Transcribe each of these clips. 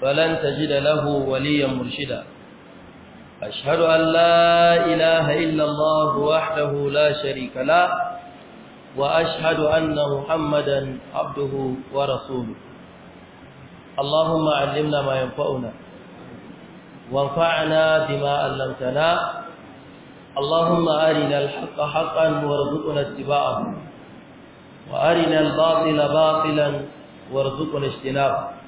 فلن تجد له وليا مرشدا أشهد أن لا إله إلا الله وحده لا شريك له وأشهد أن محمدا عبده ورسوله اللهم علمنا ما ينفعنا وانفعنا بما علمتنا اللهم أرنا الحق حقا وارزقنا اتباعه وأرنا الباطل باطلا وارزقنا اجتنابه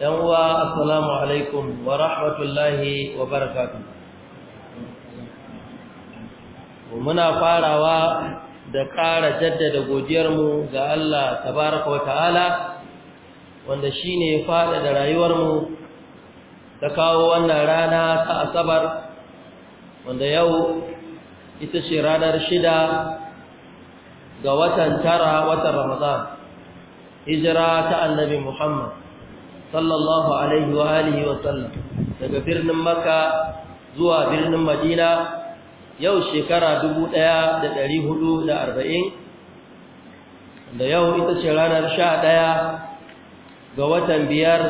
Dan uwa assalamu alaikum wa rahmatullahi wa barakatuh muna farawa da ƙara jaddada godiyarmu ga Allah tabaraka wa ta'ala wanda faɗa da rayuwarmu ta kawo wannan rana ta asabar wanda yau ita ce ranar shida ga watan tara watan ramadan hijira ta annabi muhammad sallallahu alaihi wa alihi wa sallam daga birnin Makka zuwa birnin Madina yau shekara 1440 da yau ita ce ranar 11 ga watan biyar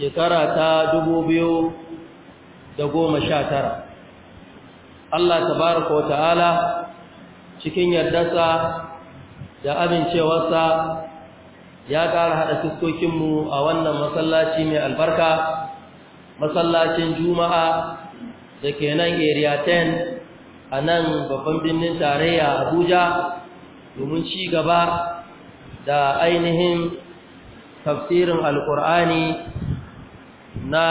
shekara ta 2019 Allah tabaraka wa ta'ala cikin yardarsa da amincewarsa ya ƙara haɗa fuskokinmu a wannan masallaci mai albarka masallacin juma'a da ke nan area 10 a nan babban birnin tarayya abuja domin ci gaba da ainihin tafsirin alkur'ani na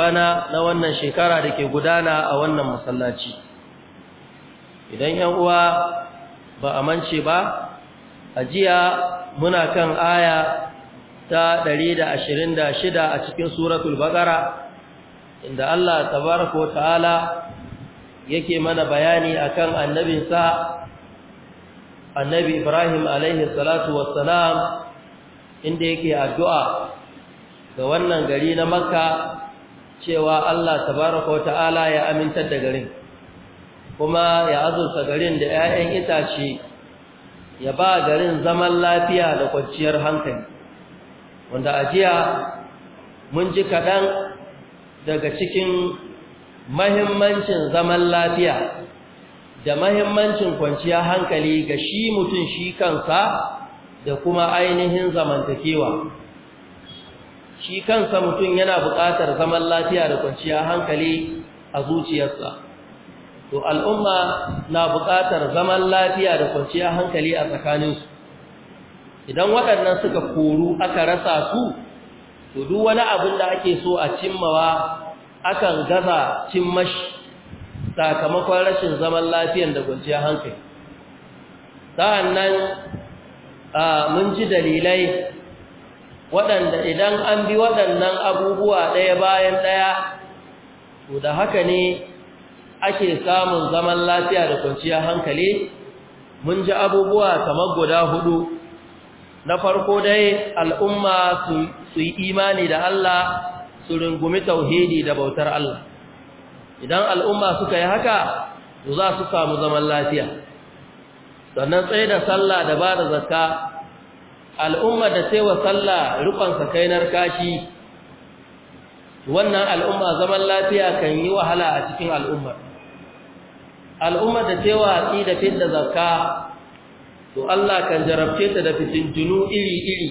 bana na wannan shekara da ke gudana a wannan masallaci idan 'yan uwa ba a mance ba a jiya muna kan aya ta ɗari da da ashirin shida a cikin suratul baqara inda Allah tabaaraka ta'ala yake mana bayani akan annabinsa annabi Ibrahim alaihi salatu wassalam inda yake addu'a ga wannan gari na Makka cewa Allah tabaaraka ta'ala ya amintar da garin kuma ya azurta garin da 'ya'yan itace ya ba garin zaman lafiya da kwanciyar hankali wanda ajiya mun ji kaɗan daga cikin mahimmancin zaman lafiya da mahimmancin kwanciyar hankali ga shi mutum shi kansa da kuma ainihin zamantakewa shi kansa mutum yana buƙatar zaman lafiya da kwanciyar hankali a zuciyarsa to al'umma na buƙatar zaman lafiya da kwanciyar hankali a tsakaninsu idan waɗannan suka koru aka rasa su to duk wani abin da ake so a cimmawa akan gaza cimmashi sakamakon rashin zaman lafiyan da kwanciyar hankali sa'annan mun ji dalilai waɗanda idan an bi waɗannan abubuwa ɗaya bayan ɗaya to da haka ne ake samun zaman lafiya da kwanciyar hankali mun ji abubuwa kamar guda hudu na farko dai al'umma su yi imani da Allah su rungumi tauhidi da bautar Allah idan al'umma suka yi haka za su samu zaman lafiya sannan tsaye da sallah da ba da zakka al'umma da tsewa sallah rufansa kainar kashi wannan al'umma zaman lafiya kan yi wahala a cikin al'ummar al'ummar da ta watsi da fidda zakka to Allah kan jarabce ta da fitin fitintunu iri-iri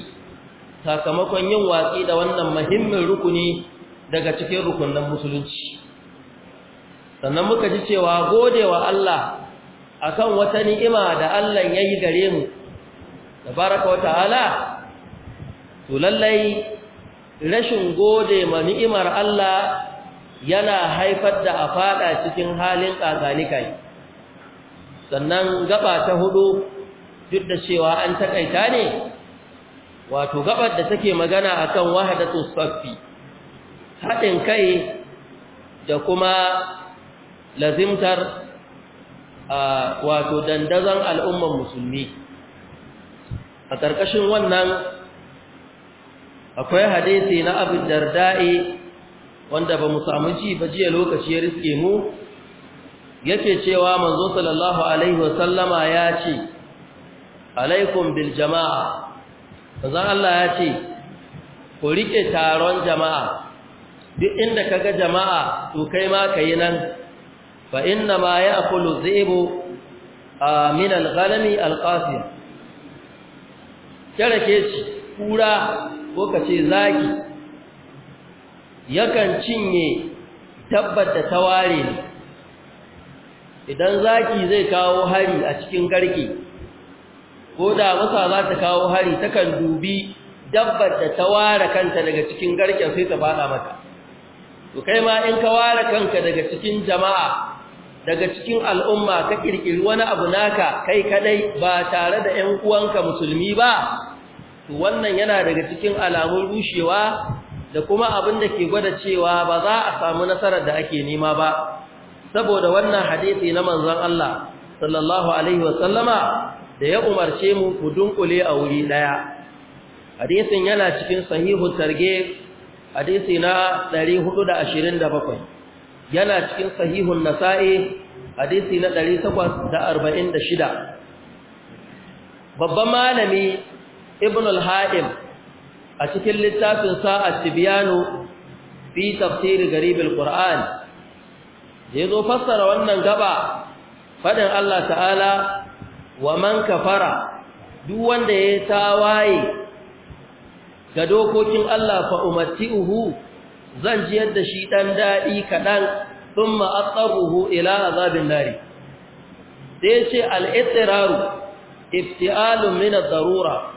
sakamakon yin watsi da wannan muhimmin rukuni daga cikin rukunin musulunci sannan muka ji cewa godewa Allah akan wata ni'ima da Allah ya yi gare mu tabaraka wata'ala to lallai rashin gode ma ni'imar Allah yana haifar da a fada cikin halin kagalikai sannan gaba ta hudu duk da cewa an taƙaita ne wato gabar da take magana akan wahada saffi haɗin kai da kuma lazimtar wato dandazon al'umman musulmi a ƙarƙashin wannan akwai hadisi na abin darda'i wanda ba mu samu ji ba jiya lokaci ya riske mu yace cewa manzo sallallahu alaihi wasallama ya ce alaikum bil jama'a manzo Allah ya ce ku rike taron jama'a duk inda kaga jama'a to kai ma kai nan fa inna ma ya'kulu dhibu min al-ghanami al-qasir kare ke ci kura ko ce zaki yakan cinye da ta ware idan zaki zai kawo hari a cikin garke ko da masa za ta kawo hari takan dubi dabbar da ta ware kanta daga cikin garken sai ta fada mata to kai ma in ka ware kanka daga cikin jama'a daga cikin al'umma ka kirkiri wani abu naka kai kadai ba tare da yan uwanka musulmi ba to wannan yana daga cikin alamun rushewa da kuma abin da ke gwada cewa ba za a samu nasarar da ake nema ba saboda wannan hadisi na manzon Allah sallallahu alaihi wasallama da ya umarce mu ku dunkule a wuri daya hadisin yana cikin sahihu targe, hadisi na 427 yana cikin sahihun nasa'i hadisi na 846 babban malami ibn al-ha'im a cikin littafin sa'a tibiyanu fi tafsiri garibin ƙur'an da ya zo fassara wannan gaba faɗin Allah ta'ala wa man kafara duk wanda ya tawaye ga dokokin Allah fa uhu zan jiyar da shi ɗan daɗi kaɗan sun ma'atsaruhu ila azabin nari sai ce al'itsiraru ifti'alun minar darura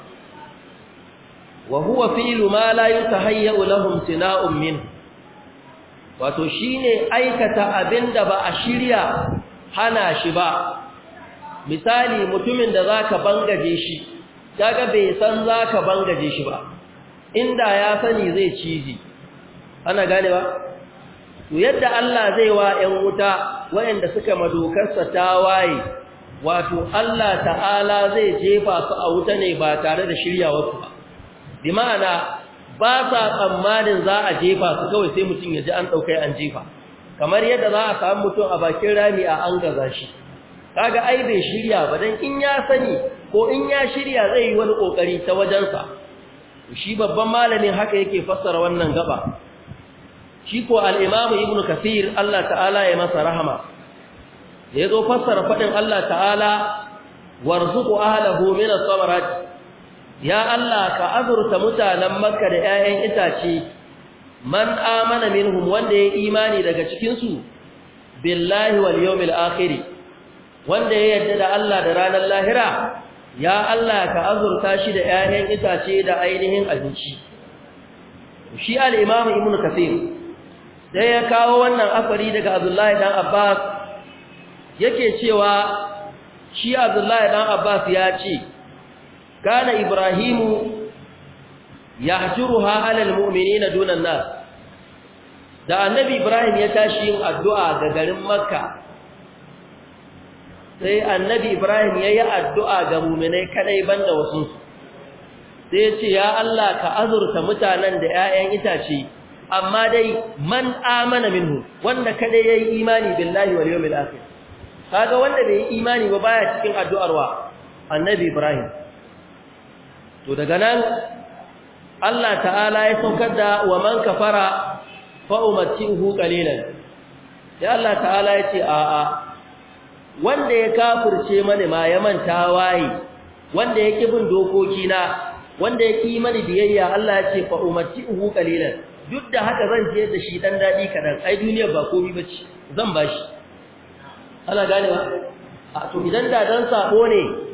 wa huwa fi'lu ma la yutahayyu lahum sina'un min wato shine aikata abinda ba a shirya hana shi ba misali mutumin da zaka bangaje shi kaga bai san zaka bangaje shi ba inda ya sani zai ciji ana gane ba. to yadda Allah zai wa 'yan wuta waɗanda suka ta waye, wato Allah ta'ala zai jefa su a wuta ne ba tare da wasu ba bi ma'ana ba sa tsammanin za a jefa su kawai sai mutum ya ji an ɗaukai an jefa kamar yadda za a samu mutum a bakin rami a an gaza shi kaga ai bai shirya ba dan in ya sani ko in ya shirya zai yi wani kokari ta wajensa shi babban malamin haka yake fassara wannan gaba shi ko al-imamu ibnu kathir Allah ta'ala ya masa rahama Ya zo fassara fadin Allah ta'ala warzuqu ahlahu min as samarati ya Allah ka azurta mutanen makka da 'ya'yan itace man amana minhum wanda ya imani daga cikin su billahi wal yawmil akhir wanda ya yarda da Allah da ranar lahira ya Allah ka azurta shi da 'ya'yan itace da ainihin abinci shi al-imam ibn kathir sai ya kawo wannan afari daga abdullahi dan abbas yake cewa shi abdullahi dan abbas ya ce Gane ibrahimu yahjuruha alal mu'minina dunan nas da annabi ibrahim ya tashi yin addu'a ga garin makka sai annabi ibrahim ya yi addu'a ga mu'minai kadai banda wasu sai ya Allah ka azurta mutanen da 'ya'yan itace amma dai man amana minhu wanda kada yayi imani billahi wal yawmil akhir kaga wanda bai yi imani ba baya cikin addu'ar annabi ibrahim to daga nan Allah ta'ala ya saukar da wa man kafara fa umatihu qalilan ya Allah ta'ala ya ce a a wanda ya kafirce mani ma ya manta waye wanda yake bin dokoki na wanda yake yi mani biyayya Allah ya ce fa umatihu qalilan duk da haka zan je da shi dan dadi kadan ai duniya ba komai bace zan bashi ana ganewa a to idan da dan sako ne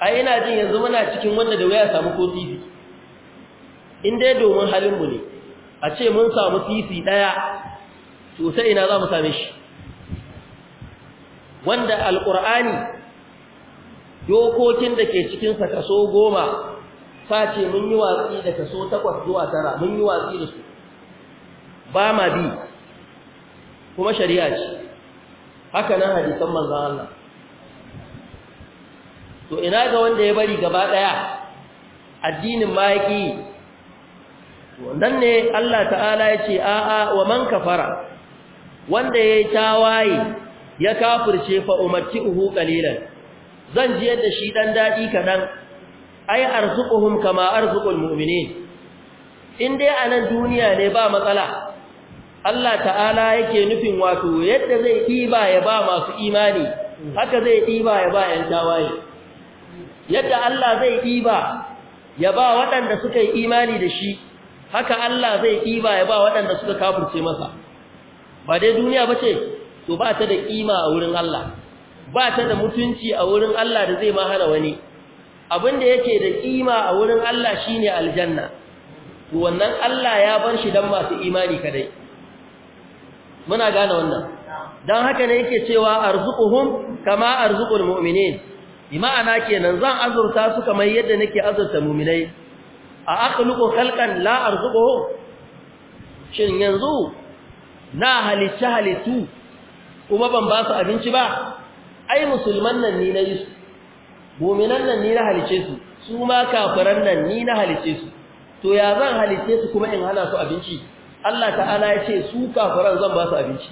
a ina jin yanzu muna cikin wanda da waya samu ko titi in dai domin halin mu ne a ce mun samu titi ɗaya to sai ina za mu same shi wanda alƙur'ani dokokin da ke cikinsa kaso goma sace mun yi watsi da kaso takwas zuwa tara mun yi watsi da su ba ma bi kuma shari'a ce haka nan hadisan manzan Allah to ina ga wanda ya bari gaba daya addinin ma yake nan ne Allah ta'ala ya ce a'a wa man kafara wanda yayi tawaye ya kafirce fa uhu qalilan zan ji yadda shi dan dadi kadan ai arzuquhum kama arzuqul mu'minin in dai anan duniya ne ba matsala Allah ta'ala yake nufin wato yadda zai ɗiba ya ba masu imani haka zai ɗiba ya ba 'yan tawaye yadda Allah zai ɗiba ya ba waɗanda suka yi imani da shi haka Allah zai ɗiba ya ba waɗanda suka kafirce masa ba dai duniya bace ce to ba ta da ƙima a wurin Allah ba ta da mutunci a wurin Allah da zai ma hana wani abin da yake da ƙima a wurin Allah shine aljanna to wannan Allah ya bar shi dan masu imani kadai muna gane wannan dan haka ne yake cewa arzuquhum kama arzuqul mu'minin ima'ana kenan zan azurta su kamar yadda nake azurta mu'minai a akhluqu khalqan la arzuquhu shin yanzu na halitta halittu kuma ban ba su abinci ba ai musulman nan ni na yi su mu'minan nan ni na halice su su ma kafiran nan ni na halice su to ya zan halice su kuma in hana su abinci Allah ta'ala ya ce su kafiran zan ba su abinci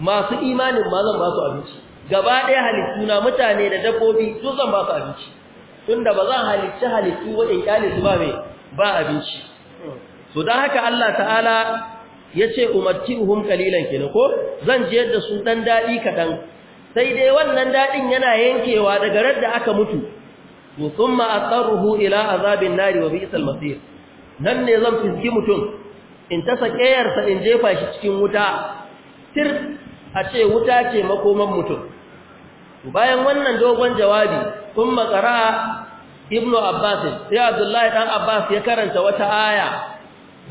masu imanin ma zan ba su abinci gaba ɗaya halittu na mutane da dabbobi duk zan ba su abinci tunda ba zan halicci halittu wajen kyale su ba mai ba abinci so don haka Allah ta'ala ya ce uhun kalilan kenan ko zan je da su dan daɗi kaɗan sai dai wannan daɗin yana yankewa daga radda aka mutu to thumma asarruhu ila azabin nari wa bi'sal masir nan ne zan fiski mutum in ta ƙeyarsa in jefa shi cikin wuta tir a ce wuta ce makoman mutum bayan wannan dogon jawabi kun makara ibnu abbas sai abdullahi dan abbas ya karanta wata aya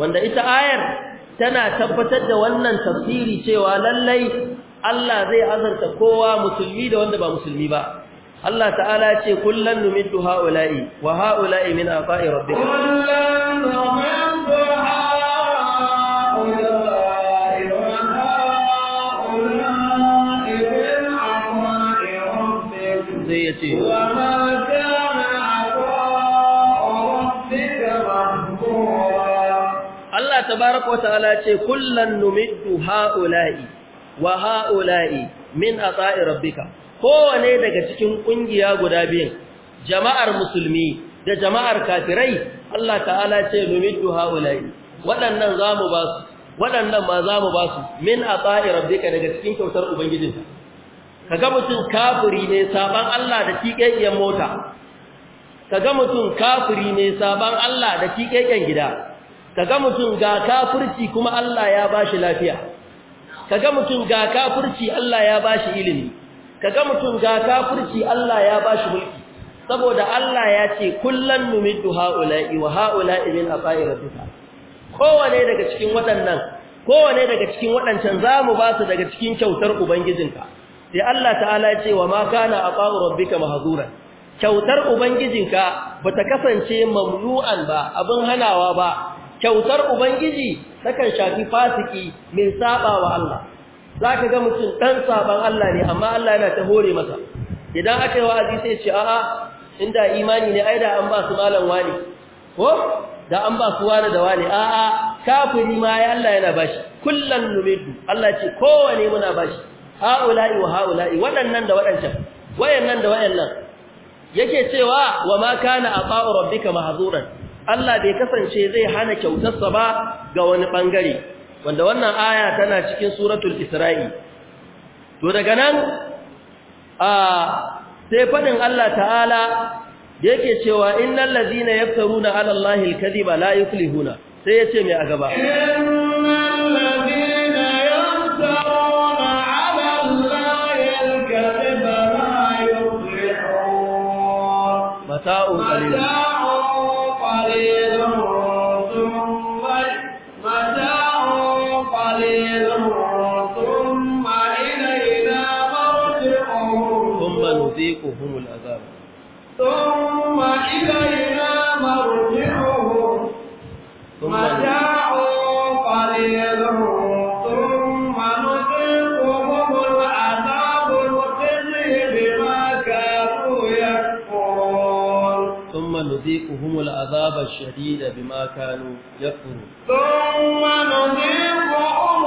wanda ita ayar tana tabbatar da wannan tafsiri cewa lallai Allah zai azarta kowa musulmi da wanda ba musulmi ba Allah ta'ala ce kullan numiddu haula'i wa haula'i min afa'i rabbika kullan ya ce Allah tabaraka wa ta'ala ce kullan numiddu ha'ula'i wa ha'ula'i min ata'i rabbika kowane daga cikin kungiya guda biyun jama'ar musulmi da jama'ar kafirai Allah ta'ala ce numiddu ha'ula'i waɗannan zamu ba su waɗannan ma zamu ba su min ata'i rabbika daga cikin kyautar ubangijinka kaga mutum kafiri ne saban Allah da tikekken mota kaga mutum kafiri ne saban Allah da tikekken gida kaga mutum ga kafirci kuma Allah ya bashi lafiya kaga mutum ga kafirci Allah ya bashi ilimi kaga mutum ga kafirci Allah ya bashi mulki saboda Allah ya ce kullan numiddu haula'i wa haula'i min afa'i rabbika kowane daga cikin waɗannan kowane daga cikin waɗancan zamu ba su daga cikin kyautar ubangijinka sai Allah ta'ala ya ce wa ma kana aqaru rabbika mahzura kyautar ubangijinka bata kasance mamnu'an ba abin hanawa ba kyautar ubangiji takan shafi fasiki mai saba wa Allah zaka ga mutum dan saban Allah ne amma Allah yana ta hore masa idan aka yi wa'azi sai ce a'a inda imani ne ai an ba su malam wani ko da an ba su wani da wani a'a kafiri ma ya Allah yana bashi kullan numidu Allah ce kowane muna bashi haula'i wa haula'i waɗannan da waɗancan wayannan da wayannan yake cewa wa ma kana ata'u rabbika mahzuran Allah bai kasance zai hana kyautarsa ba ga wani bangare wanda wannan aya tana cikin suratul isra'i to daga nan a sai fadin Allah ta'ala yake cewa innal ladina yaftaruna 'ala allahi al-kadhiba la yuflihuna sai yace mai a gaba قليلا ثم نذيقهم العذاب نذيقهم العذاب الشديد بما كانوا يكفرون ثم نذيقهم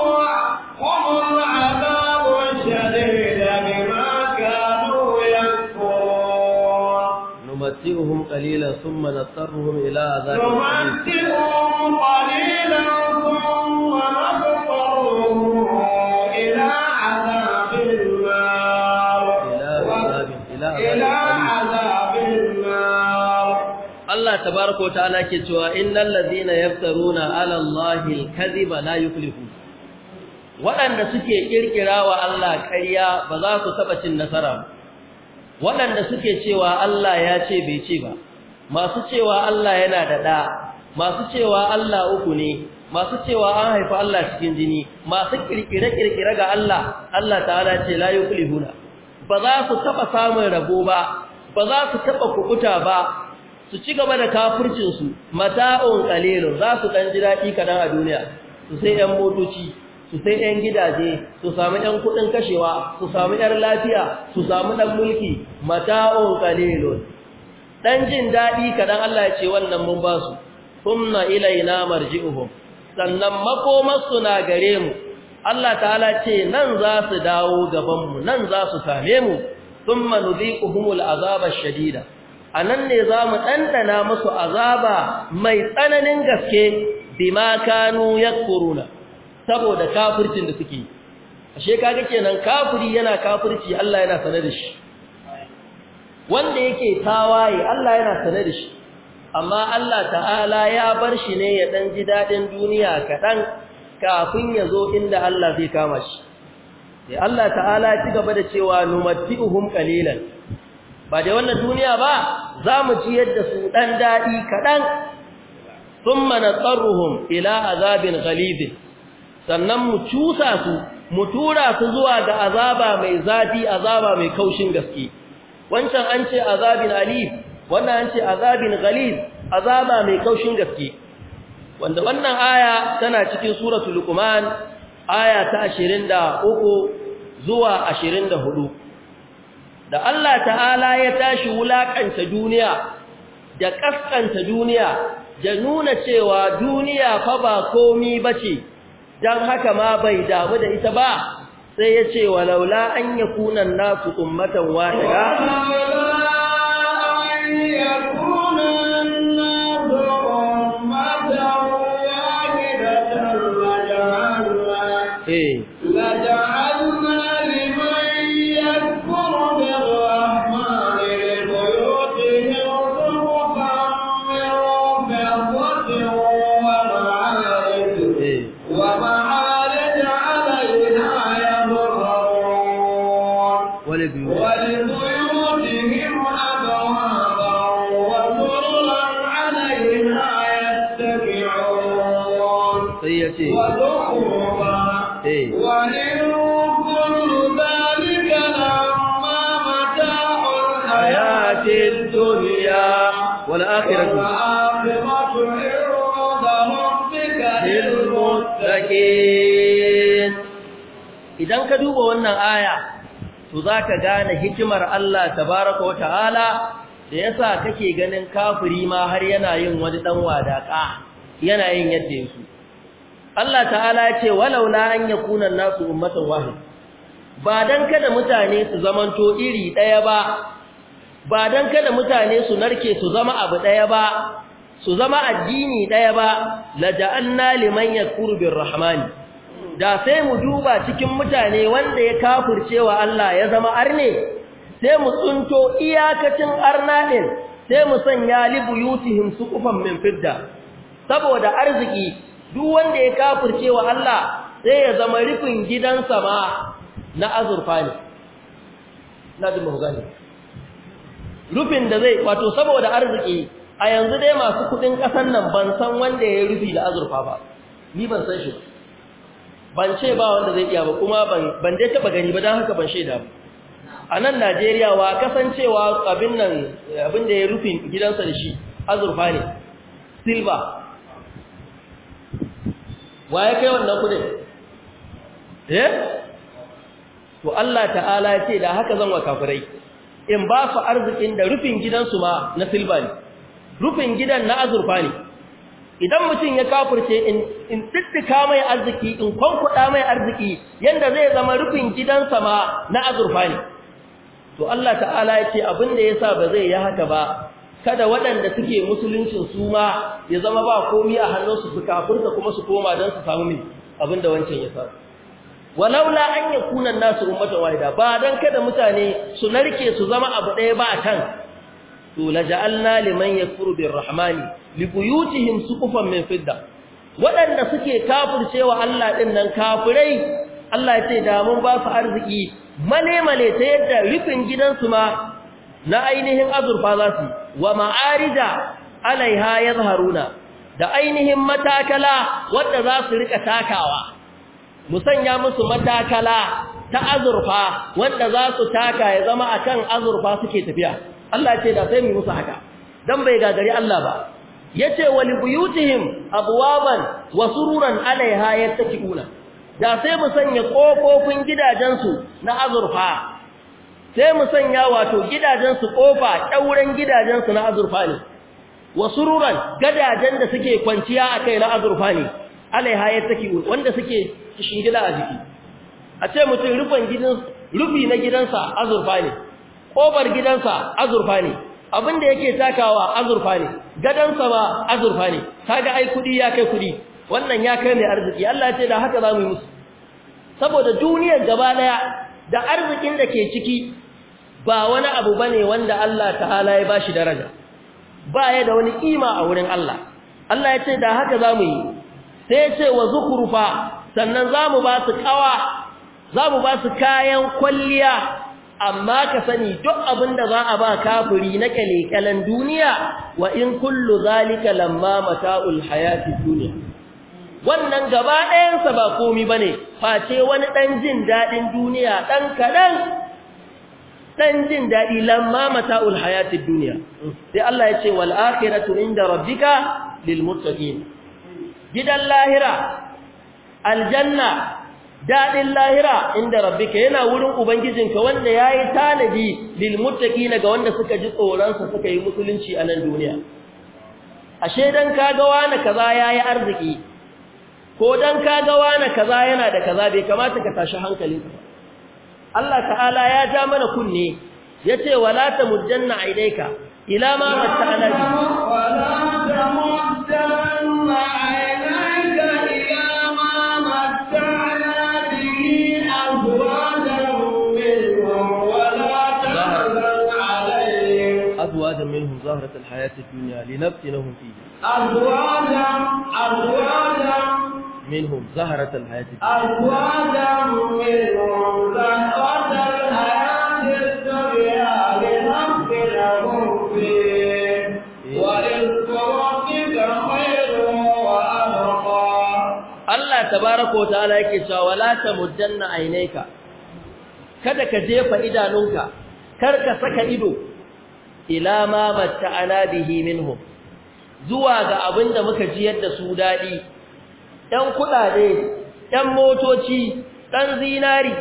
هم العذاب الشديد بما كانوا يكفرون نمتعهم قليلا ثم نضطرهم إلى عذاب نمتعهم قليلا ثم نضطرهم إلى عذاب النار إلى عذاب tabaraka wa ta'ala ke cewa innal ladina yaftaruna 'ala Allahi al-kadhiba la yuflihu waɗanda suke kirkirawa wa Allah ƙarya ba za su taɓa cin nasara waɗanda suke cewa Allah ya ce bai ce ba masu cewa Allah yana da da masu cewa Allah uku ne masu cewa an haifi Allah cikin jini masu kirkire-kirkire ga Allah Allah ta'ala ce la yuflihuna ba za su taɓa samun rabo ba ba za su taɓa kukuta ba su ci gaba da kafircinsu mata'un qalilun za su dan ji dadi a duniya su sai yan motoci su sai yan gidaje su samu yan kuɗin kashewa su samu yar lafiya su samu ɗan mulki mata'un qalilun Ɗan jin daɗi kaɗan Allah ya ce wannan mun ba su thumma ilaina marji'uhu sannan su na gare mu Allah ta'ala ce nan za su dawo gabanmu nan za su same mu thumma nudhiquhumul azabar shadida a nan ne za mu ɗanɗana musu azaba mai tsananin gaske ma kanu saboda kafircin da suke yi ashe kaga kenan kafiri yana kafirci Allah yana sanar da shi wanda yake tawaye Allah yana sanar da shi amma Allah ta'ala ya bar shi ne ya ɗan ji daɗin duniya kaɗan kafin ya zo inda Allah zai kama shi Allah ta'ala ya ci gaba da cewa numatti'uhum qalilan ba da wannan duniya ba za mu ji yadda su dan dadi kadan thumma natarruhum ila azabin ghalid sannan mu cusa su mu tura su zuwa ga azaba mai zafi azaba mai kaushin gaske wancan an ce azabin alif wannan an ce azabin ghalid azaba mai kaushin gaske wanda wannan aya tana cikin suratul luqman aya ta 23 zuwa 24 da Allah ta'ala ya tashi wulakanta duniya da kaskanta duniya da nuna cewa duniya fa ba komi bace dan haka ma bai damu da ita ba sai ya ce walaula an yakuna nasu ummatan wahida والآخرة idan ka duba wannan aya to zaka gane hikimar Allah tabaraka wataala da yasa kake ganin kafiri ma har yana yin wani dan wadaka yana yin yadda yake Allah ta'ala ya ce walaula an yakuna nasu ummatan wahid ba dan kada mutane su zamanto iri daya ba ba dan kada mutane su narke su zama abu ɗaya ba su zama addini daya ba la ja'anna liman yakfuru da sai mu duba cikin mutane wanda ya kafircewa Allah ya zama arne sai mu tsunto iyakacin arna din sai mu sanya libuyutihim suqufan min fidda saboda arziki duk wanda ya kafircewa Allah sai ya zama rufin gidansa ma na azurfa na gani rufin da zai wato saboda arziki a yanzu dai masu kudin kasan nan ban san wanda ya rufi da azurfa ba ni ban san shi ban ce ba wanda zai iya ba kuma ban ban dai taba gani ba dan haka ban shaida ba a nan Najeriya wa kasancewa abin nan abin da ya rufi gidansa da shi azurfa ne silver wa ya kai wannan kudin eh to Allah ta'ala ya ce da haka zan wa kafirai in ba su arzikin da rufin gidansu ma na silba ne rufin gidan na azurfa ne idan mutum ya kafurce in tsittika mai arziki in kwankwada mai arziki yadda zai zama rufin gidansa ma na azurfa ne to Allah ta'ala ya ce abin da ya sa ba zai yi haka ba kada waɗanda suke musuluncin su ma ya zama ba komi a hannunsu su kafurta kuma su koma don su samu min abin da wancan ya samu walaula an yakuna nasu ummatan wahida ba dan kada mutane su narke su zama abu daya ba tan to laja'alna liman yakfuru birrahmani libuyutihim suqufan min fidda wadanda suke kafircewa Allah din nan kafirai Allah yace da mun ba su arziki male male ta yadda rufin gidansu ma na ainihin azurfa za su wa ma'arida alaiha Haruna da ainihin matakala wanda za su rika takawa mu sanya musu matakala ta azurfa wanda za su taka ya zama akan azurfa suke tafiya Allah ce da sai mu musu haka dan bai gagari Allah ba yace wali buyutihim abwaban wa sururan alaiha yattaqiuna da sai mu sanya kofofin gidajensu na azurfa sai mu sanya wato gidajensu kofa dauren gidajensu na azurfa ne wa sururan gadajen da suke kwanciya akai na azurfa ne alaiha yattaqiuna wanda suke gida a jiki a ce mutum rufi na gidansa azurfa ne kofar gidansa azurfa ne abin da yake takawa azurfa ne gadansa ba azurfa ne Ta ga ai kudi ya kai kudi wannan ya kai mai arziki Allah ce da haka za mu yi musu saboda duniyar gaba daya da arzikin da ke ciki ba wani abu bane wanda Allah ta ta'ala ya ba shi daraja ba ya da wani kima a wurin Allah Allah ya ce da haka za mu yi sai ya ce wa zukurufa sannan za mu ba su kawa za mu ba su kayan kwalliya amma ka sani duk abin da za a ba kafuri na kalekalan duniya wa in kullu zalika lamma mata'ul hayati duniya wannan gaba ɗayansa ba komi ba ne face wani ɗan jin daɗin duniya ɗan kaɗan ɗan jin daɗi lamma mata'ul hayati duniya sai Allah ya ce wal akhiratu inda rabbika lil muttaqin gidan lahira aljanna dadin lahira inda rabbika yana wurin ubangijinka wanda yayi tanadi lil muttaqina ga wanda suka ji tsoron sa suka yi musulunci a nan duniya ashe dan kaga wani kaza yayi arziki ko dan kaga wani kaza yana da kaza bai kamata ka tashi hankali Allah ta'ala ya ja mana kunne yace wala mujanna aidaika ila ma matta'ana bi wala الحياة الدنيا لنبتلهم فيه أزواجا أزواجا منهم زهرة الحياة الدنيا أزواجا منهم زهرة الحياة الدنيا لنبتلهم فيه ورزق ربك خير وأبقى الله تبارك وتعالى يكشف ولا تمدن عينيك kada ka jefa idanunka kar ka saka ido ila ma matta'ana bihi minhum zuwa ga abinda muka jiyar da su dadi dan kudade dan motoci dan zinari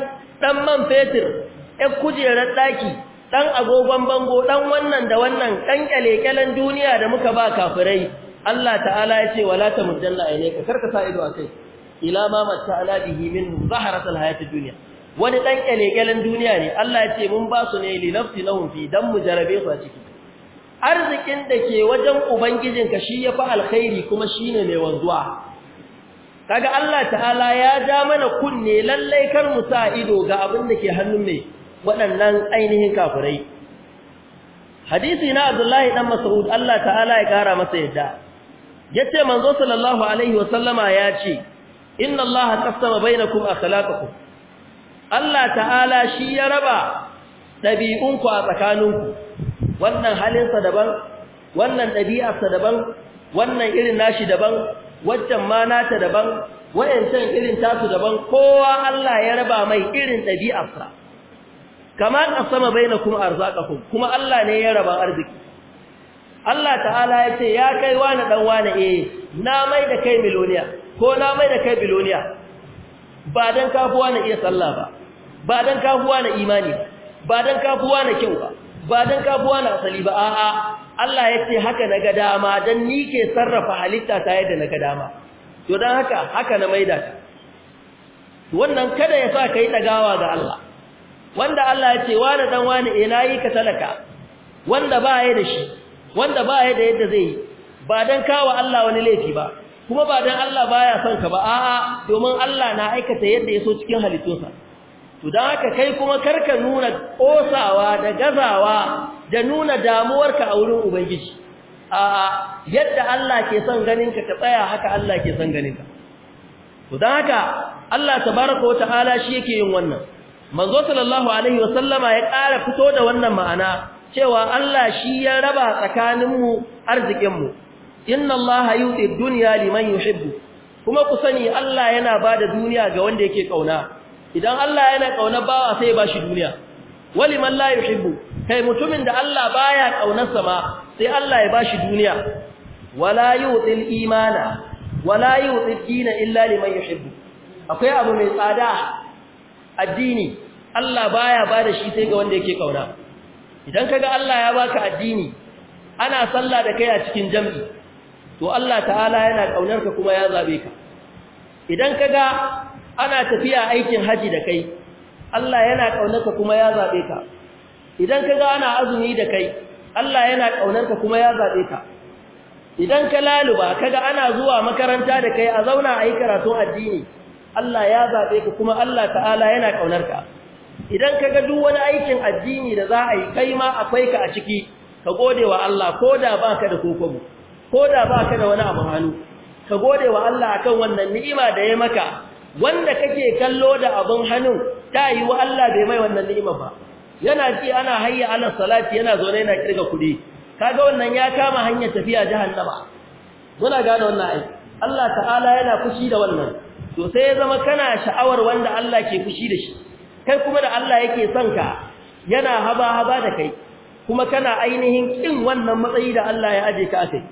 dan man fetur ɗan kujerar daki dan agogon bango dan wannan da wannan dan kyalekelen duniya da muka ba kafirai Allah ta'ala ya ce wala tamuddanna aynaka karka sa ido akai ila ma matta'ana bihi minhum zaharat ta dunya wani dan kyalekyalen duniya ne Allah ya ce mun ba su ne li na lahum fi dan mu jarabe su a ciki arzikin da ke wajen ubangijinka shi yafi alkhairi kuma shine mai wanzuwa kaga Allah ta'ala ya ja mana kunne lallai kar mu sa ido ga abin da ke hannun mai waɗannan ainihin kafirai hadisi na Abdullahi dan Mas'ud Allah ta'ala ya kara masa yadda yace manzo sallallahu alaihi wa sallama ya ce inna Allah qasama bainakum akhlaqakum Allah ta'ala shi ya raba ɗabi'unku a tsakaninku wannan halinsa daban wannan ɗabi'arsa daban wannan irin nashi daban waccan ma nata daban wayancan irin tasu daban kowa Allah ya raba mai irin ɗabi'arsa kama qasama bainakum arzaqakum kuma Allah ne ya raba arziki Allah ta'ala ya ce ya kai wani dan wani eh na mai da kai miloniya ko na mai da kai biloniya ba dan kafuwa na iya sallah ba ba dan kafuwa na imani ba dan kafuwa na kyau ba ba dan kafuwa na asali ba a'a Allah yace haka naga dama dan ni ke sarrafa halitta ta yadda naga dama to dan haka haka na maida ta wannan kada ya sa kai dagawa ga Allah wanda Allah ya ce wani dan wani eh yi ka talaka wanda ba yi da shi wanda ba yi da yadda zai yi ba dan kawo Allah wani laifi ba kuma ba dan Allah baya son ka ba a'a domin Allah na aikata yadda ya so cikin halittunsa to dan haka kai kuma karka nuna kosawa da gazawa da nuna damuwarka a wurin ubangiji a'a yadda Allah ke son ganinka ka tsaya haka Allah ke son ganinka to dan haka Allah tabaraka wa ta'ala shi yake yin wannan manzo sallallahu alaihi wa sallama ya ƙara fito da wannan ma'ana cewa Allah shi ya raba tsakaninmu arzikinmu inna Allah yuti dunya liman yuhibbu kuma ku sani Allah yana bada duniya ga wanda yake kauna idan Allah yana kaunar bawa sai ya bashi duniya waliman la yuhibbu kai mutumin da Allah baya kaunarsa ma sai Allah ya bashi duniya wala yu'til imana wala yu'til dina illa liman yuhibbu akwai abu mai tsada addini Allah baya bada shi sai ga wanda yake kauna idan kaga Allah ya baka addini ana sallah da kai a cikin jam'i to Allah ta'ala yana kaunar ka kuma ya zabe ka idan kaga ana tafiya aikin haji da kai Allah yana kaunarka kuma ya zabe ka idan ka ga ana azumi da kai Allah yana kaunarka kuma ya zabe ka idan ka laluba kaga ana zuwa makaranta da kai a zauna a yi karatun addini Allah ya zabe ka kuma Allah ta'ala yana kaunarka idan kaga duk wani aikin addini da za a yi kai ma akwai ka a ciki ka gode wa Allah koda baka da kokobo koda baka da wani abu hannu ka gode wa Allah akan wannan ni'ima da ya maka wanda kake kallo da abun hannun ta yi wa Allah bai mai wannan ni'ima ba yana ci ana hayya ala salati yana zo yana kirga kudi kaga wannan ya kama hanyar tafiya jahannama muna gane wannan ai Allah ta'ala yana kushi da wannan to sai ya zama kana sha'awar wanda Allah ke kushi da shi kai kuma da Allah yake son ka yana haba haba da kai kuma kana ainihin kin wannan matsayi da Allah ya aje ka akai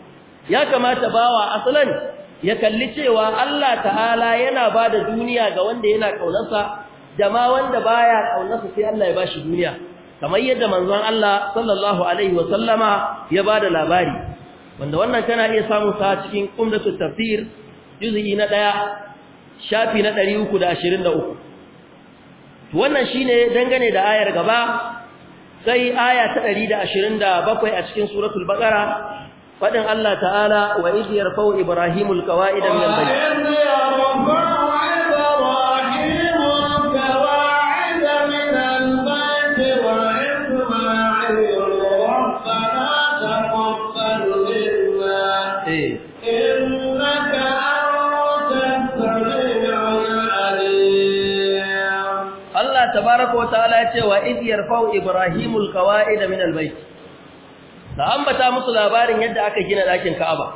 ya kamata bawa asalan ya kalli cewa Allah ta'ala yana ba da duniya ga wanda yana kaunarsa da ma wanda baya kaunarsa sai Allah ya ba shi duniya kamar yadda manzon Allah sallallahu alaihi wa sallama ya ba da labari wanda wannan tana iya samun sa cikin kumdatul tafsir juz'i na 1 shafi na 323 wannan shine dangane da ayar gaba sai aya ta 127 a cikin suratul baqara فدن الله تعالى وإذ يرفع إبراهيم القواعد من البيت tabaraka wa ta'ala ya ce wa idh yarfa'u ibrahimul qawa'ida min da ambata musu labarin yadda aka gina ɗakin Ka'aba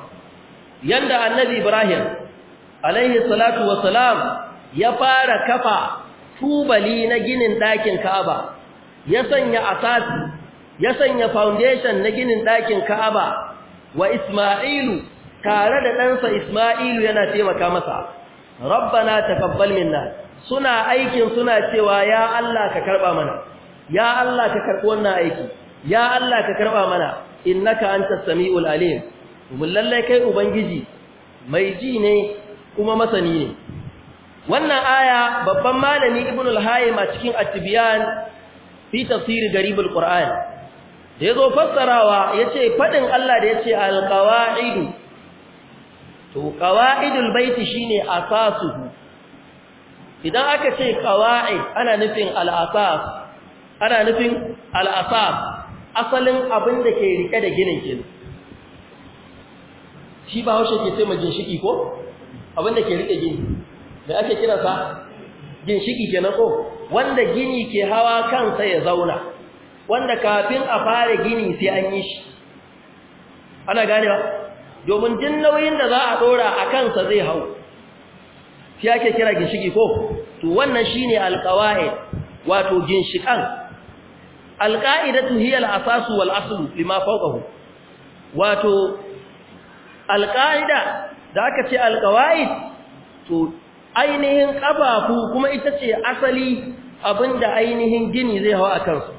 yanda Annabi Ibrahim alaihi salatu wa salam ya fara kafa tubali na ginin ɗakin Ka'aba ya sanya asasi ya sanya foundation na ginin ɗakin Ka'aba wa Isma'ilu tare da ɗansa Isma'ilu yana taimaka masa rabbana taqabbal minna suna aikin suna cewa ya Allah ka karba mana ya Allah ka karbi wannan aiki ya Allah ka karba mana innaka antas samiul alim mun lalle kai ubangiji mai ji ne kuma masani ne wannan aya babban malami ibnu al a cikin at-tibyan fi tafsiri garib al-qur'an da yazo fassarawa yace fadin Allah da yace al-qawaid to qawaidul bait shine asasuhu idan aka ce qawaid ana nufin al-asas ana nufin al-asas asalin abin da ke rike da ginin kin shi ba haushe ke sai ma ginshiki ko abin da ke rike gini da ake kira sa ginshiki ke ko wanda gini ke hawa kansa ya zauna wanda kafin a fara gini sai an yi shi ana gane ba domin jin nauyin da za a dora a kansa zai hau shi ake kira ginshiki ko to wannan shine alqawaid wato ginshikan alqa'idatu hiya al-asasu wal aslu lima fawqahu wato alqa'ida da aka ce alqawaid to ainihin ƙafafu kuma ita ce asali abinda ainihin gini zai hawa akan su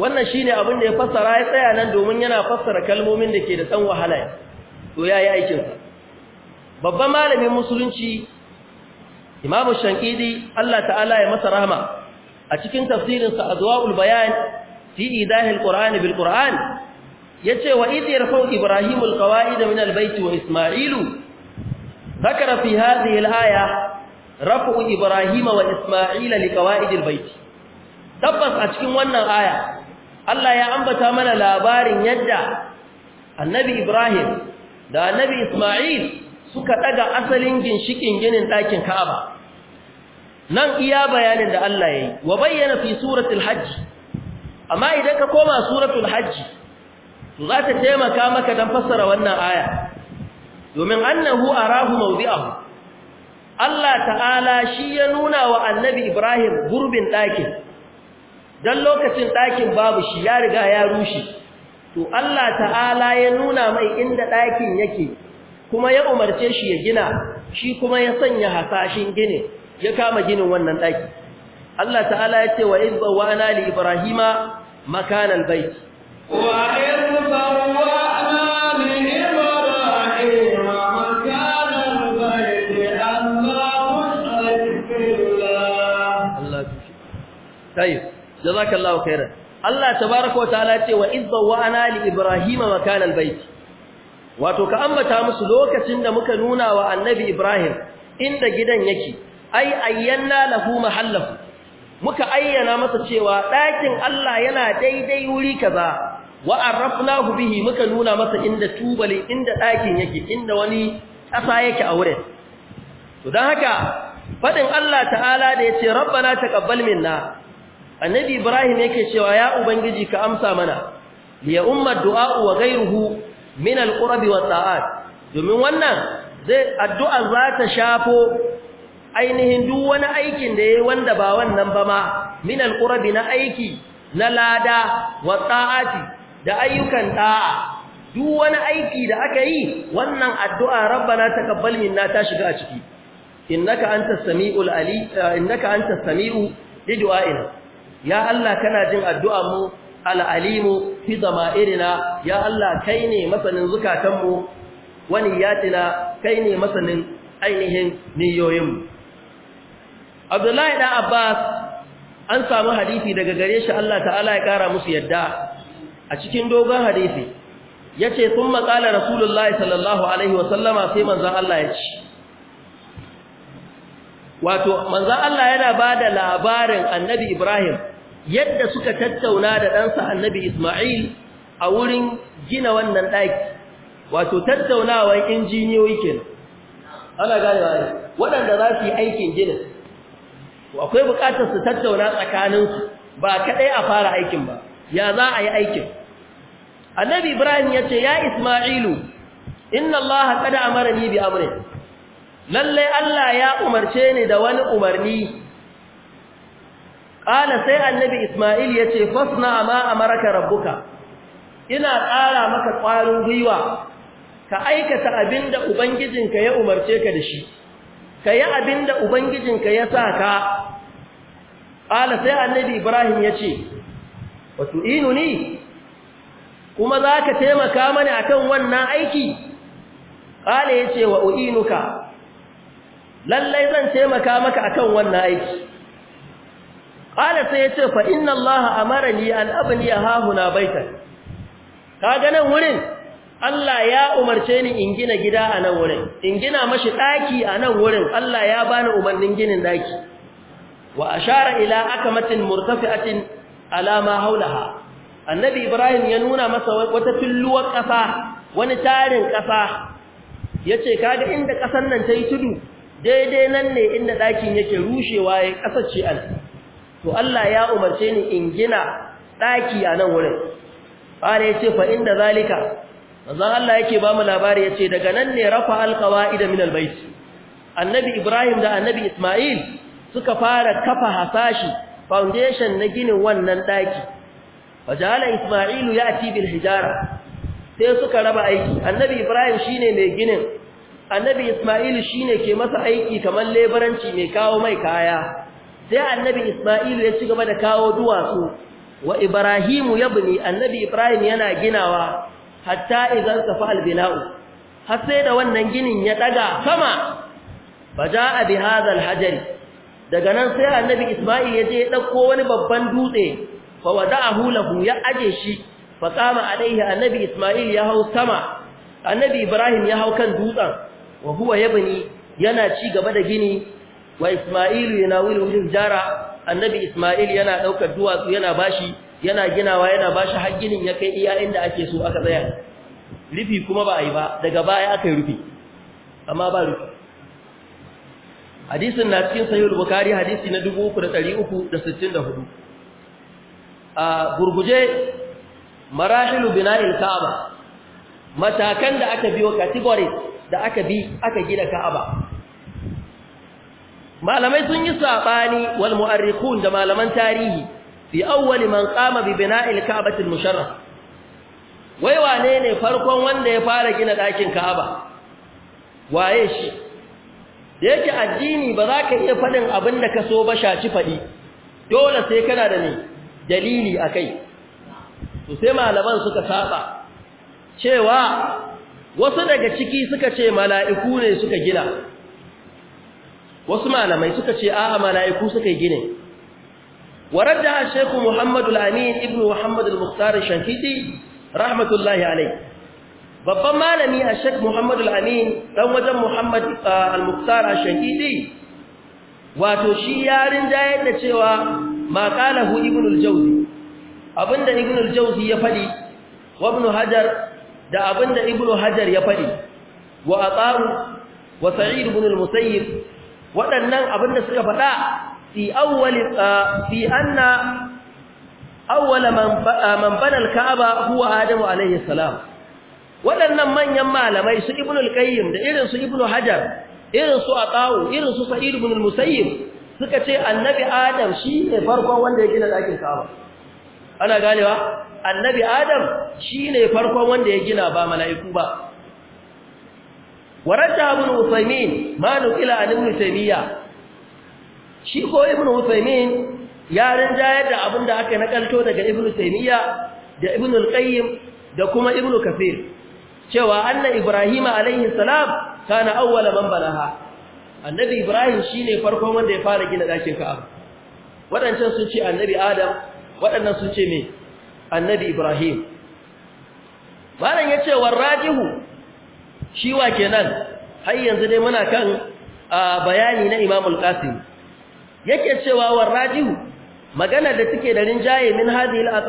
wannan shine abin da ya fassara ya tsaya nan domin yana fassara kalmomin da ke da ɗan wahala to yayi aikin sa babban malamin musulunci imamu shankidi Allah ta'ala ya masa rahama a cikin tafsirin sa adwaul bayan fi idahil qur'ani bil qur'an yace wa idh yarfa'u ibrahimul qawaid min al wa isma'ilu ذكر في هذه الآية رفع إبراهيم وإسماعيل لقواعد البيت tabbas a cikin wannan aya Allah ya ambata mana labarin yadda Annabi Ibrahim da Annabi Isma'il suka daga asalin ginshikin ginin ɗakin Ka'aba nan iya bayanin da Allah ya yi wa bayyana fi suratul hajji amma idan ka koma suratul hajji to za ta taimaka maka don fassara wannan aya domin annahu arahu mawdi'ahu Allah ta'ala shi ya nuna wa annabi Ibrahim gurbin ɗakin don lokacin ɗakin babu shi ya riga ya rushe to Allah ta'ala ya nuna mai inda ɗakin yake kuma ya umarce shi ya gina shi kuma ya sanya hasashin ginin ya kama ginin wannan ɗaki. Allah ta'ala ya ce wa iz bawana li ibrahima makanan bait wa iz bawana li ibrahima makanan bait Allahu akbar Allah tayyib jazakallahu khairan Allah tabaaraka wa ta'ala ya ce wa iz bawana li ibrahima makanan bait wato ka ambata musu lokacin da muka nuna wa annabi Ibrahim inda gidan yake ai ayyanna lahu mahallahu muka ayyana masa cewa ɗakin Allah yana daidai wuri kaza wa arrafnahu bihi muka nuna masa inda tubali inda ɗakin yake inda wani ƙasa yake a wurin to don haka faɗin Allah ta'ala da ya ce rabbana taqabbal minna annabi ibrahim yake cewa ya ubangiji ka amsa mana Ya umma du'a wa ghayruhu min alqurbi wa ta'at domin wannan zai addu'a za ta shafo ainihin duk wani aikin da yayi wanda ba wannan ba ma min alqurabi na aiki na lada wa ta'ati da ayyukan ɗa'a, duk wani aiki da aka yi wannan addu'a rabbana taqabbal minna ta shiga a ciki innaka antas samiul ali eh, innaka samiu li du'aina ya allah kana jin addu'a mu al alimu fi dama'irina ya allah kai ne masanin zukatanmu wani yatina kai ne masanin ainihin niyoyin Abdullahi da Abbas an samu hadisi daga gare shi Allah ta'ala ya kara musu yadda a cikin dogon hadisi yace thumma qala rasulullahi sallallahu alaihi wasallama sai manzon Allah ya ce wato manzon Allah yana bada labarin annabi Ibrahim yadda suka tattauna da ɗansa annabi Isma'il a wurin gina wannan ɗaki wato tattaunawar injiniyoyi kenan ana ganewa waɗanda za su yi aikin ginin akwai bukatar su tattauna tsakaninsu. ba kadai a fara aikin ba ya za a yi aikin annabi ibrahim ya ce ya isma'ilu inna allaha qad amarani bi amrin Lallai allah ya umarce ni da wani umarni qala sai annabi isma'il ya ce fasna ma amaraka rabbuka ina ƙara maka ƙwarin gwiwa ka aikata abinda ubangijinka ya umarce ka da shi ka yi abin da ubangijinka ya sa ka ƙala sai annabi ibrahim ya ce wato inu ni kuma za ka taimaka mani akan wannan aiki ƙala ya ce wa inuka? lallai zan taimaka maka akan wannan aiki ƙala sai ya ce fa inna a mara ni an abin ya hahuna baitan ka ganin wurin Allah ya umarce ni in gina gida a nan wurin in gina mashi daki a nan wurin Allah ya bani umarnin ginin daki wa ashara ila akamatin murtafi'atin ala ma haulaha annabi ibrahim ya nuna masa wata filluwar kasa wani tarin kasa yace kaga inda kasan nan tayi tudu daidai nan ne inda dakin yake rushewa ya kasace an to Allah ya umarce ni in gina daki a nan wurin ne yace fa inda zalika manzon Allah yake ba mu labari yace daga nan ne rafa alqawaid min albayt annabi Ibrahim da annabi Isma'il suka fara kafa hasashi foundation na ginin wannan daki fajala Isma'ilu yati bil hijara sai suka raba aiki annabi Ibrahim shine mai ginin annabi Isma'il shine ke masa aiki kamar lebaranci mai kawo mai kaya sai annabi Isma'il ya ci gaba da kawo duwatsu wa Ibrahimu yabni annabi Ibrahim yana ginawa hatta idan safa albina'u har sai da wannan ginin ya daga sama a bi hadha alhajari daga nan sai annabi isma'il ya je ya dauko wani babban dutse fa wada'ahu lahu ya aje shi fa qama alaihi annabi isma'il ya hau sama annabi ibrahim ya hau kan dutsen wa huwa yabni yana ci gaba da gini wa isma'ilu min jara. annabi isma'il yana daukar duwatsu yana bashi yana ginawa yana ba har ginin ya kai iya inda ake so aka tsaya rufi kuma ba a yi ba daga baya aka yi rufi amma ba rufi hadisin na cikin sayo al hadisi na 3364 a gurguje marahilu bina'il ka'aba matakan da aka biyo categories da aka bi aka gina ka'aba malamai sun yi sabani wal mu'arrikhun da malaman tarihi fi awwali man qama bi bina'il ka'bati al-musharraf wai wane ne farkon wanda ya fara gina dakin ka'aba waye shi da yake addini ba za ka iya faɗin abin da ka so ba shaci faɗi dole sai kana da ne dalili a kai to sai malaman suka saba cewa wasu daga ciki suka ce mala'iku ne suka gina wasu malamai suka ce a'a mala'iku suka yi ginin. ورجع الشيخ محمد الأمين ابن محمد المختار الشنكيتي رحمة الله عليه babban malami a shek muhammadu al'amin ɗan wajen muhammad al-muktar a shahidi wato shi ya jayar da cewa makalahu ibn al abinda ibn ya faɗi wa hajar da abinda ibn ya faɗi wa atsaru wa waɗannan abinda suka faɗa fi awwal fi anna awwal man bana al-ka'aba huwa adamu alayhi salam waɗannan manyan malamai su Ibn al-qayyim da irin su Ibn hajar irin su atawu irin su sa'id ibn al-musayyib suka ce annabi adam shine farkon wanda ya gina dakin ka'aba ana ganewa annabi adam shine farkon wanda ya gina ba mala'iku ba warajja ibn usaymin ma ila an ibn taymiya shi ko ibnu usaymin ya rinjayar da abin da aka nakalto daga ibnu taymiya da ibnu al-qayyim da kuma ibnu kafir cewa anna ibrahima alaihi salam kana awwala man banaha annabi ibrahim shine farkon wanda ya fara gina dakin ka'aba wadancan sun ce annabi adam wadannan sun ce me annabi ibrahim malam yace rajihu shi wa kenan har yanzu dai muna kan ah, bayani na imamul qasim yake cewa warrajihu magana da take da rinjaye min hadhihi al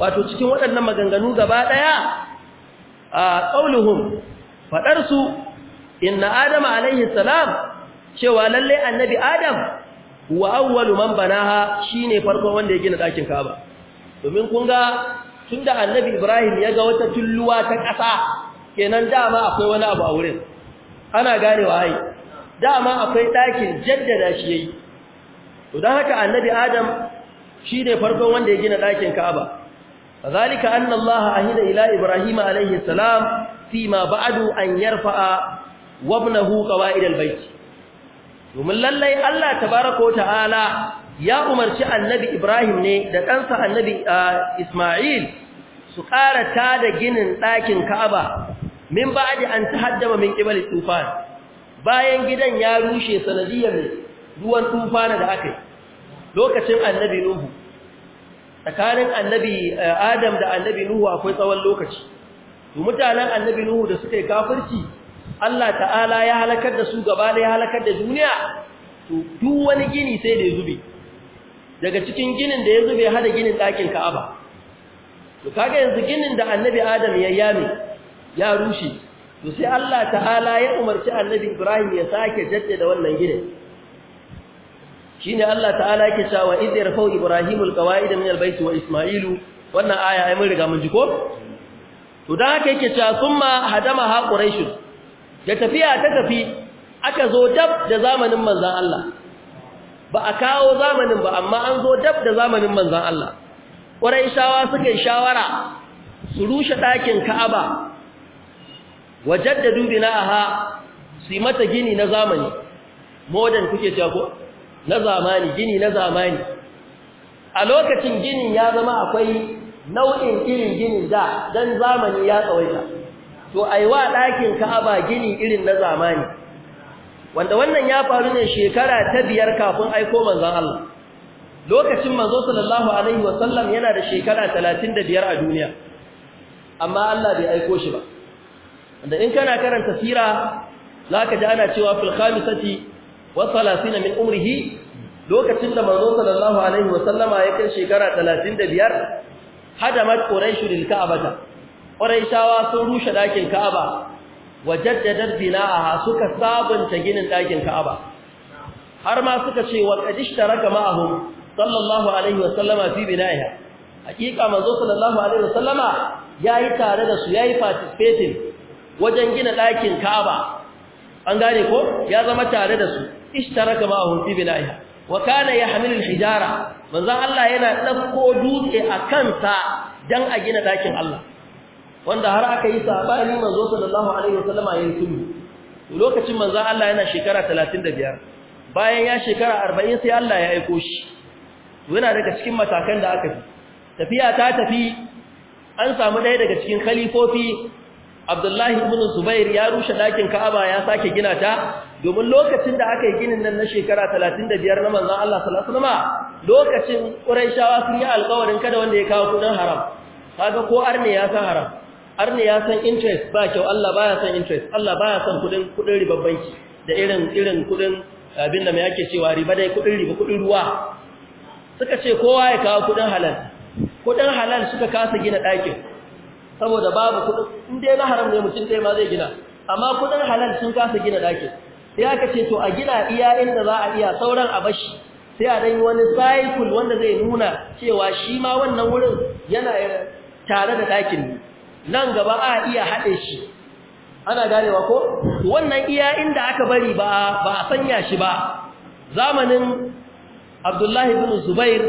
wato cikin waɗannan maganganu gaba daya a qauluhum fadar su inna adama alaihi salam cewa lalle annabi adam wa awwalu man banaha shine farko wanda ya gina dakin Kaaba domin kun ga tunda annabi Ibrahim ya ga wata tulluwa ta ƙasa kenan dama akwai wani abu a wurin ana ganewa ai dama akwai dakin jaddada shi yayi to haka annabi adam shine farkon wanda ya gina ɗakin Ka'aba kazalika anna Allah ahida ila Ibrahim alayhi salam fi ma ba'adu an yarfa'a wabnahu qawaid albayt domin lallai Allah tabaaraka ta'ala ya umarci annabi Ibrahim ne da ɗansa annabi Isma'il su ƙara tada ginin ɗakin Ka'aba min ba'adi an haddama min qibali tufan bayan gidan ya rushe sanadiyar ruwan tufana da aka yi lokacin annabi nuhu tsakanin annabi eh, adam da annabi nuhu akwai tsawon lokaci to mutanen annabi nuhu da suka yi kafirci Allah ta'ala ya halakar da su gaba da ya halakar da duniya to duk wani gini sai da ya zube daga cikin ginin da ya zube hada ginin ɗakin Ka'aba to kaga yanzu ginin da annabi Adam ya yame ya rushe to sai Allah ta'ala ya umarci annabi Ibrahim ya sake jaddada wannan ginin shine Allah ta'ala yake cewa idh yarfau ibrahimul qawaid min albayt wa isma'ilu wannan aya ai mun riga mun ji ko to Don haka yake cewa summa hadama ha quraish da tafiya ta tafi aka zo dab da zamanin manzon Allah ba a kawo zamanin ba amma an zo dab da zamanin manzon Allah quraishawa suka yi shawara su rushe ɗakin Ka'aba wajaddadu bina'aha su yi mata gini na zamani modern kuke cewa ko na zamani gini na zamani a lokacin ginin ya zama akwai nau'in irin gini da dan zamani ya tsawaita to aiwa ɗakin Ka'aba gini irin na zamani wanda wannan ya faru ne shekara ta biyar kafin aiko manzon Allah lokacin manzo sallallahu alaihi wa sallam yana da shekara 35 a duniya amma Allah bai aiko shi ba wanda in kana karanta sira zaka ji ana cewa fil khamisati wa 30 min umrihi lokacin da manzo sallallahu alaihi wa sallama ya kai shekara 35 hadamat quraishu lil ka'bata quraishawa sun rushe dakin ka'aba wajaddadat bina'aha suka sabunta ginin dakin ka'aba har ma suka ce wa qadishtaraka ma'ahum sallallahu alaihi wa sallama fi bina'iha hakika manzo sallallahu alaihi wa sallama yayi tare da su yayi participating wajen gina dakin ka'aba an gane ko ya zama tare da su ishtaraka ma'ahu fi bina'iha wa kana yahmilu al-hijara manzon Allah yana dauko dutse a kansa dan a gina dakin Allah wanda har aka yi sabani manzo sallallahu alaihi wasallama yayin sunni lokacin manzon Allah yana shekara 35 bayan ya shekara 40 sai Allah ya aiko shi yana daga cikin matakan da aka fi tafiya ta tafi an samu ɗaya daga cikin khalifofi Abdullahi ibn Zubair ya rushe ɗakin Ka'aba ya sake gina ta domin lokacin da aka yi ginin nan na shekara 35 na manzan, Allah salatu nama lokacin lokacin shawa sun yi alkawarin kada wanda ya kawo kudin haram kaga ko arne ya san haram arne ya san interest ba kyau Allah ba ya san interest Allah ya san kudin kudin ribar banki da irin irin kudin abin da mai yake cewa riba dai kudin riba kudin ruwa suka ce kowa ya kawo kudin halal kudin halal suka kasa gina ɗakin saboda babu kudin in dai na haram ne mutum dai ma zai gina amma kudin halal sun kasa gina ɗakin sai aka ce to a gina iya inda za a iya sauran a bashi sai a dan wani cycle wanda zai nuna cewa shi ma wannan wurin yana tare da ɗakin nan gaba a iya haɗe shi ana ganewa ko wannan iya inda aka bari ba ba a sanya shi ba zamanin Abdullahi ibn Zubair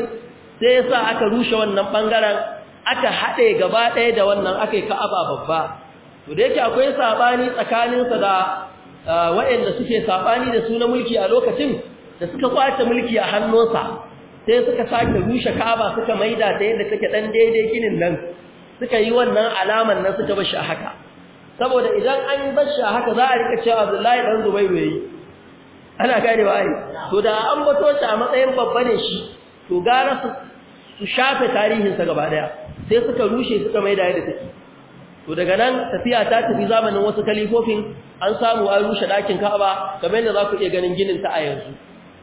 sai yasa aka rushe wannan bangaren aka haɗe gaba ɗaya da wannan aka yi Ka'aba babba to da yake akwai saɓani tsakaninsa da Ah, waɗanda suke saɓani da su na mulki a lokacin da suka kwace mulki a hannunsa sai suka sake rushe kaba suka maida ta yadda take ɗan daidai ginin nan suka yi wannan alaman nan suka bashi a haka saboda idan an bashi a haka za a rika cewa abdullahi ɗan zubairu ya yi ana ganewa ai to da an bato shi a matsayin babba ne shi to gara su shafe tarihinsa gaba ɗaya sai suka rushe suka maida yadda take to daga nan tafiya ta tafi zamanin wasu kalifofin an samu an rushe ɗakin Ka'aba kamar yadda zaku ku iya ganin ginin ta a yanzu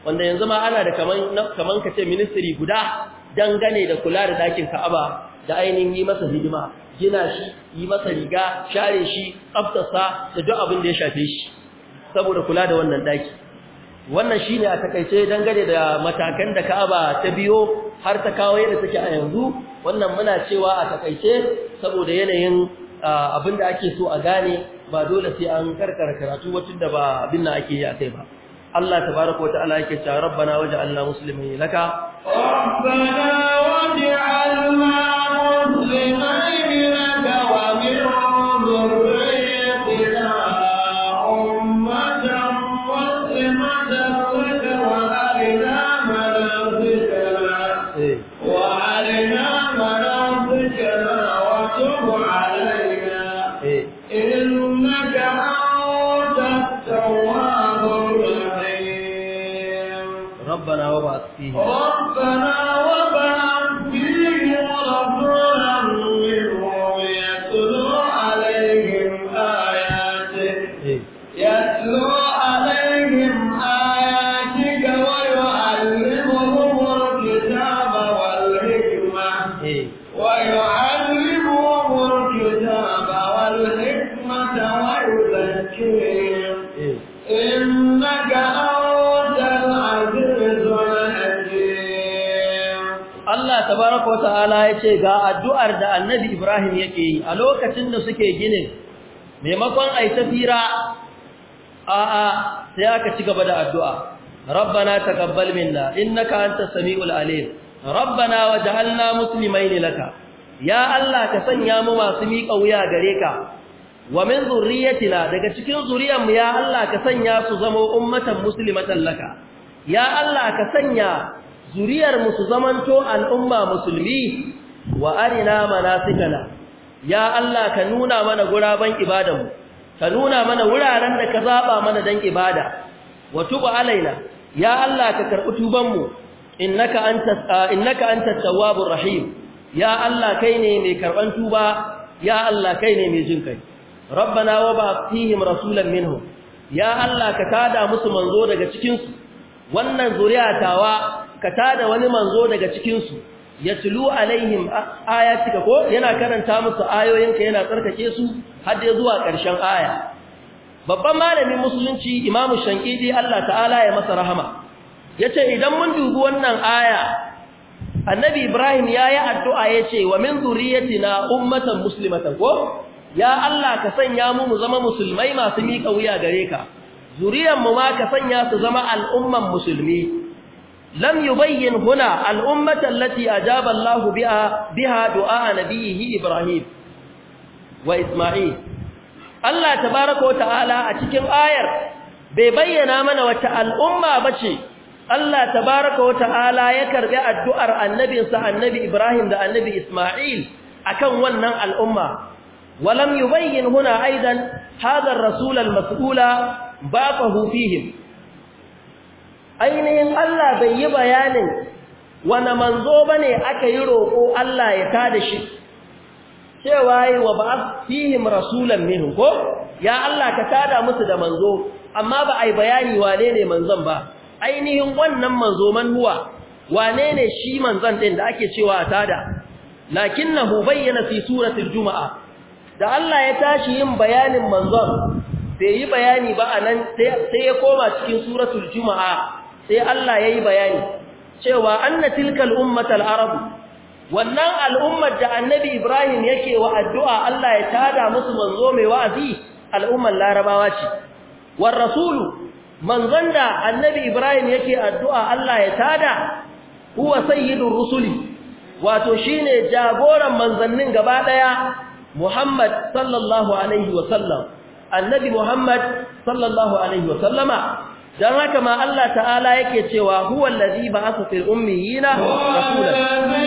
wanda yanzu ma ana da kaman kaman kace ministry guda dangane da kula da ɗakin Ka'aba da ainihin yi masa hidima gina shi yi masa riga share shi tsaftarsa da duk abin da ya shafe shi saboda kula da wannan daki wannan shine a takaice dangane da matakan da Ka'aba ta biyo har ta kawo yadda take a yanzu wannan muna cewa a takaice saboda yanayin Abin da ake so a gane ba dole sai an karkara karatu wacin da ba abin da ake yi a kai ba Allah tabaraka wata'ala yake cewa rabbana waj'alna muslimin laka rabbana waj'alna ga addu'ar da annabi Ibrahim yake yi a lokacin da suke gini maimakon yi tafira a a sai aka ci gaba da addu'a rabbana gabbal minna ka hanta samiul alim rabbana musulmai ne laka ya Allah ka sanya mu masu miƙa wuya gare ka wa min zurriyatina daga cikin zurriyanmu ya Allah ka sanya su zama ummatan musulmatan laka ya Allah ka sanya zuriyarmu su zamanto al'umma musulmi wa arina manasikana ya Allah ka nuna mana guraban ibadanmu ka nuna mana wuraren da ka zaba mana dan ibada wa tubu alaina ya Allah ka karbi tubanmu innaka antas innaka antat tawwabur rahim ya Allah kai ne mai karban tuba ya Allah kai ne mai jin kai rabbana wa ba'athihim rasulan minhum ya Allah ka tada musu manzo daga cikin su wannan zuriya tawa ka tada wani manzo daga cikin su yatlu alaihim ayatika ko yana karanta musu ayoyinka yana tsarkake su har da zuwa ƙarshen aya babban malamin musulunci imam shankidi Allah ta'ala ya masa rahama yace idan mun dubi wannan aya annabi ibrahim yayi addu'a yace wa min zuriyatina ummatan muslimatan ko ya Allah ka sanya mu mu zama musulmai masu miƙa wuya gare ka zuriyar mu ma ka sanya su zama al'umman musulmi lam yubayyin huna al'ummata allati a jabarLahu biha biha du'a nabiyhi Ibrahim wa Isma'il Allah tabaaraka a cikin ayar bai bayyana mana wata al'umma bace Allah tabaaraka wa ya karɓi addu'ar annabinsa annabi Ibrahim da annabi Isma'il akan wannan al'umma ولم يبين هنا أيضا هذا الرسول المسؤول باطه فيهم ainihin Allah bai yi bayanin wane manzo ba ne aka yi roƙo Allah ya tada shi cewa yi wa ba fihim rasulan minhu ko ya Allah ka tada musu da manzo amma ba a yi bayani wane ne manzon ba ainihin wannan manzo man wane ne shi manzon ɗin da ake cewa a tada lakinnahu bayyana fi suratul juma'a da Allah ya tashi yin bayanin manzon bai yi bayani ba anan sai ya koma cikin suratul juma'a sai Allah ya yi bayani cewa anna tilkal ummatal arabu wannan al'ummar da annabi Ibrahim yake wa addu'a Allah ya tada musu manzo mai wa'azi al'ummar larabawa ce wan rasulu manzon da annabi Ibrahim yake addu'a Allah ya tada huwa sayyidur rusuli wato shine jagoran manzannin gaba ɗaya? Muhammad sallallahu alaihi wa sallam annabi Muhammad sallallahu alaihi wa sallama dan haka ma Allah ta'ala yake cewa huwal ladhi ba'atha fil ummiyina rasulan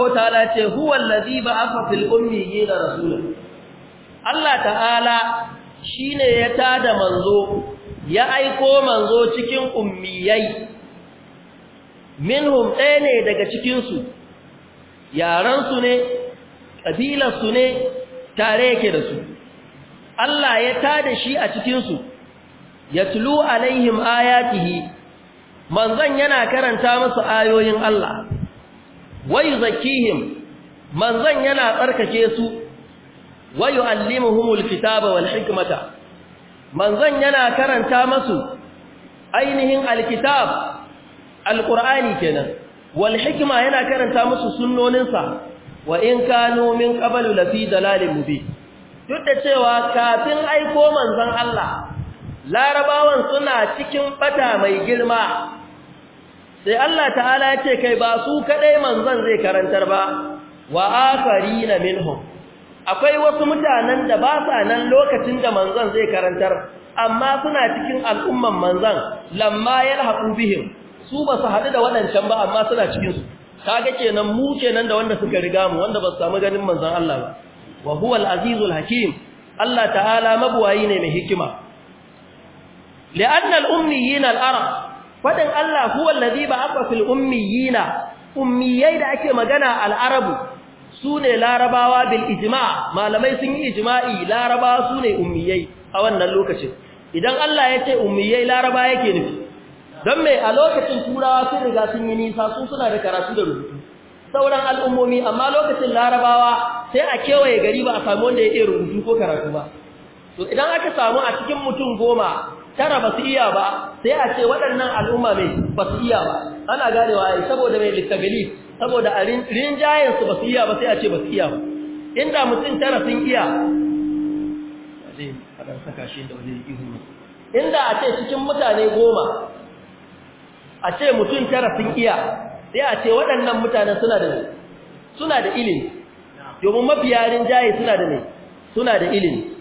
tabaraka wa ta'ala ce huwa allazi ba'atha fil ummiyina rasula Allah ta'ala shine ya tada manzo ya aiko manzo cikin ummiyai minhum ɗaya ne daga cikin su yaran su ne kabilar su ne tare yake da su Allah ya tada shi a cikin su tulu alaihim ayatihi manzon yana karanta musu ayoyin Allah wa yuzakkihim manzon yana tsarkake su wa yuallimuhumul kitaba wal hikmata manzon yana karanta masu ainihin alkitab alqur'ani kenan wal hikma yana karanta musu sunnoninsa wa in kanu min qablu lafi dalalin mubin duk da cewa kafin aiko manzon Allah larabawan suna cikin ɓata mai girma sai Allah ta'ala ya ce kai ba su kadai manzan zai karantar ba wa akharina minhum akwai wasu mutanen da ba sa nan lokacin da manzan zai karantar amma suna cikin al'umman manzan, lamma yalhaqu bihim su ba su hadu da wadancan ba amma suna cikin su kaga kenan mu kenan da wanda suka riga mu wanda ba su samu ganin manzan Allah ba wa huwa al-azizul hakim Allah ta'ala mabuwayi ne mai hikima li'anna al-ummiyina arab fadin Allah huwa allazi ba'atha fil ummiyina ummiyai da ake magana al-arabu sune larabawa bil ijma' malamai sun yi ijma'i larabawa sune ummiyai a wannan lokacin idan Allah ya ce ummiyai laraba yake nufi don me a lokacin turawa sun riga sun yi nisa sun suna da karatu da rubutu sauran al'ummomi amma lokacin larabawa sai a kewaye gari ba a samu wanda ya iya rubutu ko karatu ba to idan aka samu a cikin mutum goma tara ba su iya ba sai a ce waɗannan al'umma mai ba su iya ba ana ganewa ai saboda mai littagali saboda a rinjayen su ba su iya ba sai a ce ba su iya ba inda mutum tara sun iya inda a ce cikin mutane goma a ce mutum tara sun iya sai a ce waɗannan mutanen suna da suna da ilimi domin mafiya rinjaye suna da ne suna da ilimi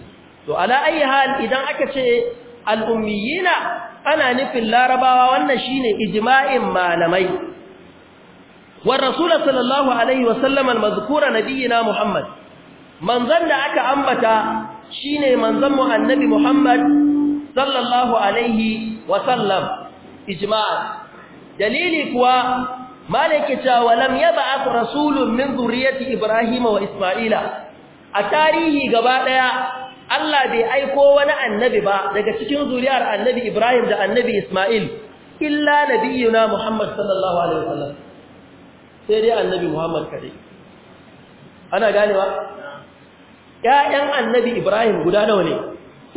to ala ayi hal idan aka ce al'ummiyina ana nufin larabawa wannan shine ijma'in malamai wan rasul sallallahu alaihi wasallam almazkura nabiyina muhammad manzon da aka ambata shine manzan mu annabi muhammad sallallahu alaihi wasallam ijma'a dalili kuwa malaki ya walam yab'ath rasulun min zurriyyati ibrahima wa isma'ila a tarihi gaba ɗaya. Allah bai aiko wani annabi ba daga cikin zuriyar annabi Ibrahim da annabi Ismail illa nabiyuna Muhammad sallallahu alaihi wasallam sai dai annabi Muhammad kadai ana ganewa ƴaƴan annabi Ibrahim guda nawa ne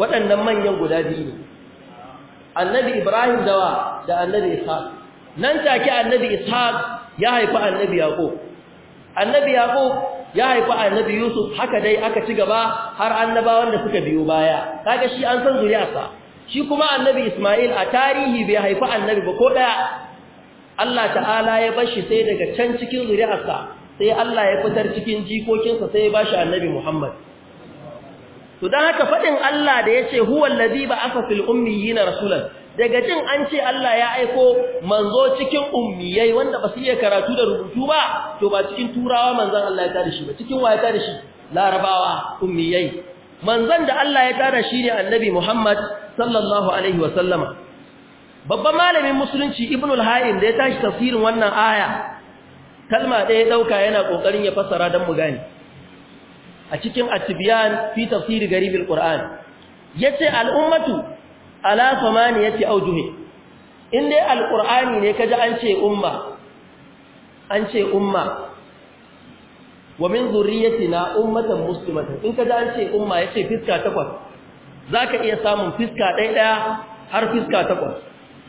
waɗannan manyan guda biyu ne annabi Ibrahim dawa da annabi Ishaq nan take annabi Ishaq ya haifi annabi Yaqub annabi yaqub ya haifi annabi yusuf haka dai aka ci gaba har annabawan da suka biyo baya kaga shi an san zuriyarsa shi kuma annabi isma'il a tarihi bai haifi annabi ba ko daya Allah ta'ala ya bashi sai daga can cikin zuriyarsa sai Allah ya fitar cikin jikokinsa sai ya bashi annabi muhammad to dan haka fadin Allah da yace huwallazi ba'atha fil ummiyina rasulan daga jin an ce Allah ya aiko manzo cikin ummiyai wanda ba su iya karatu da rubutu ba to ba cikin turawa manzon Allah ya tada shi ba cikin wa tada shi larabawa ummiyai manzon da Allah ya tada shi ne annabi Muhammad sallallahu alaihi wa sallama babban malamin musulunci ibnul haim da ya tashi tafsirin wannan aya kalma ɗaya dauka yana kokarin ya fassara dan mu gane a cikin at-tibyan fi tafsir garib al-qur'an yace al-ummatu ala samaniyati aujuhi in dai alqur'ani ne kaji an ce umma an ce umma wa min zurriyatina ummatan muslimatan in kaji an ce umma yace fiska takwas zaka iya samun fiska ɗaya ɗaya har fiska takwas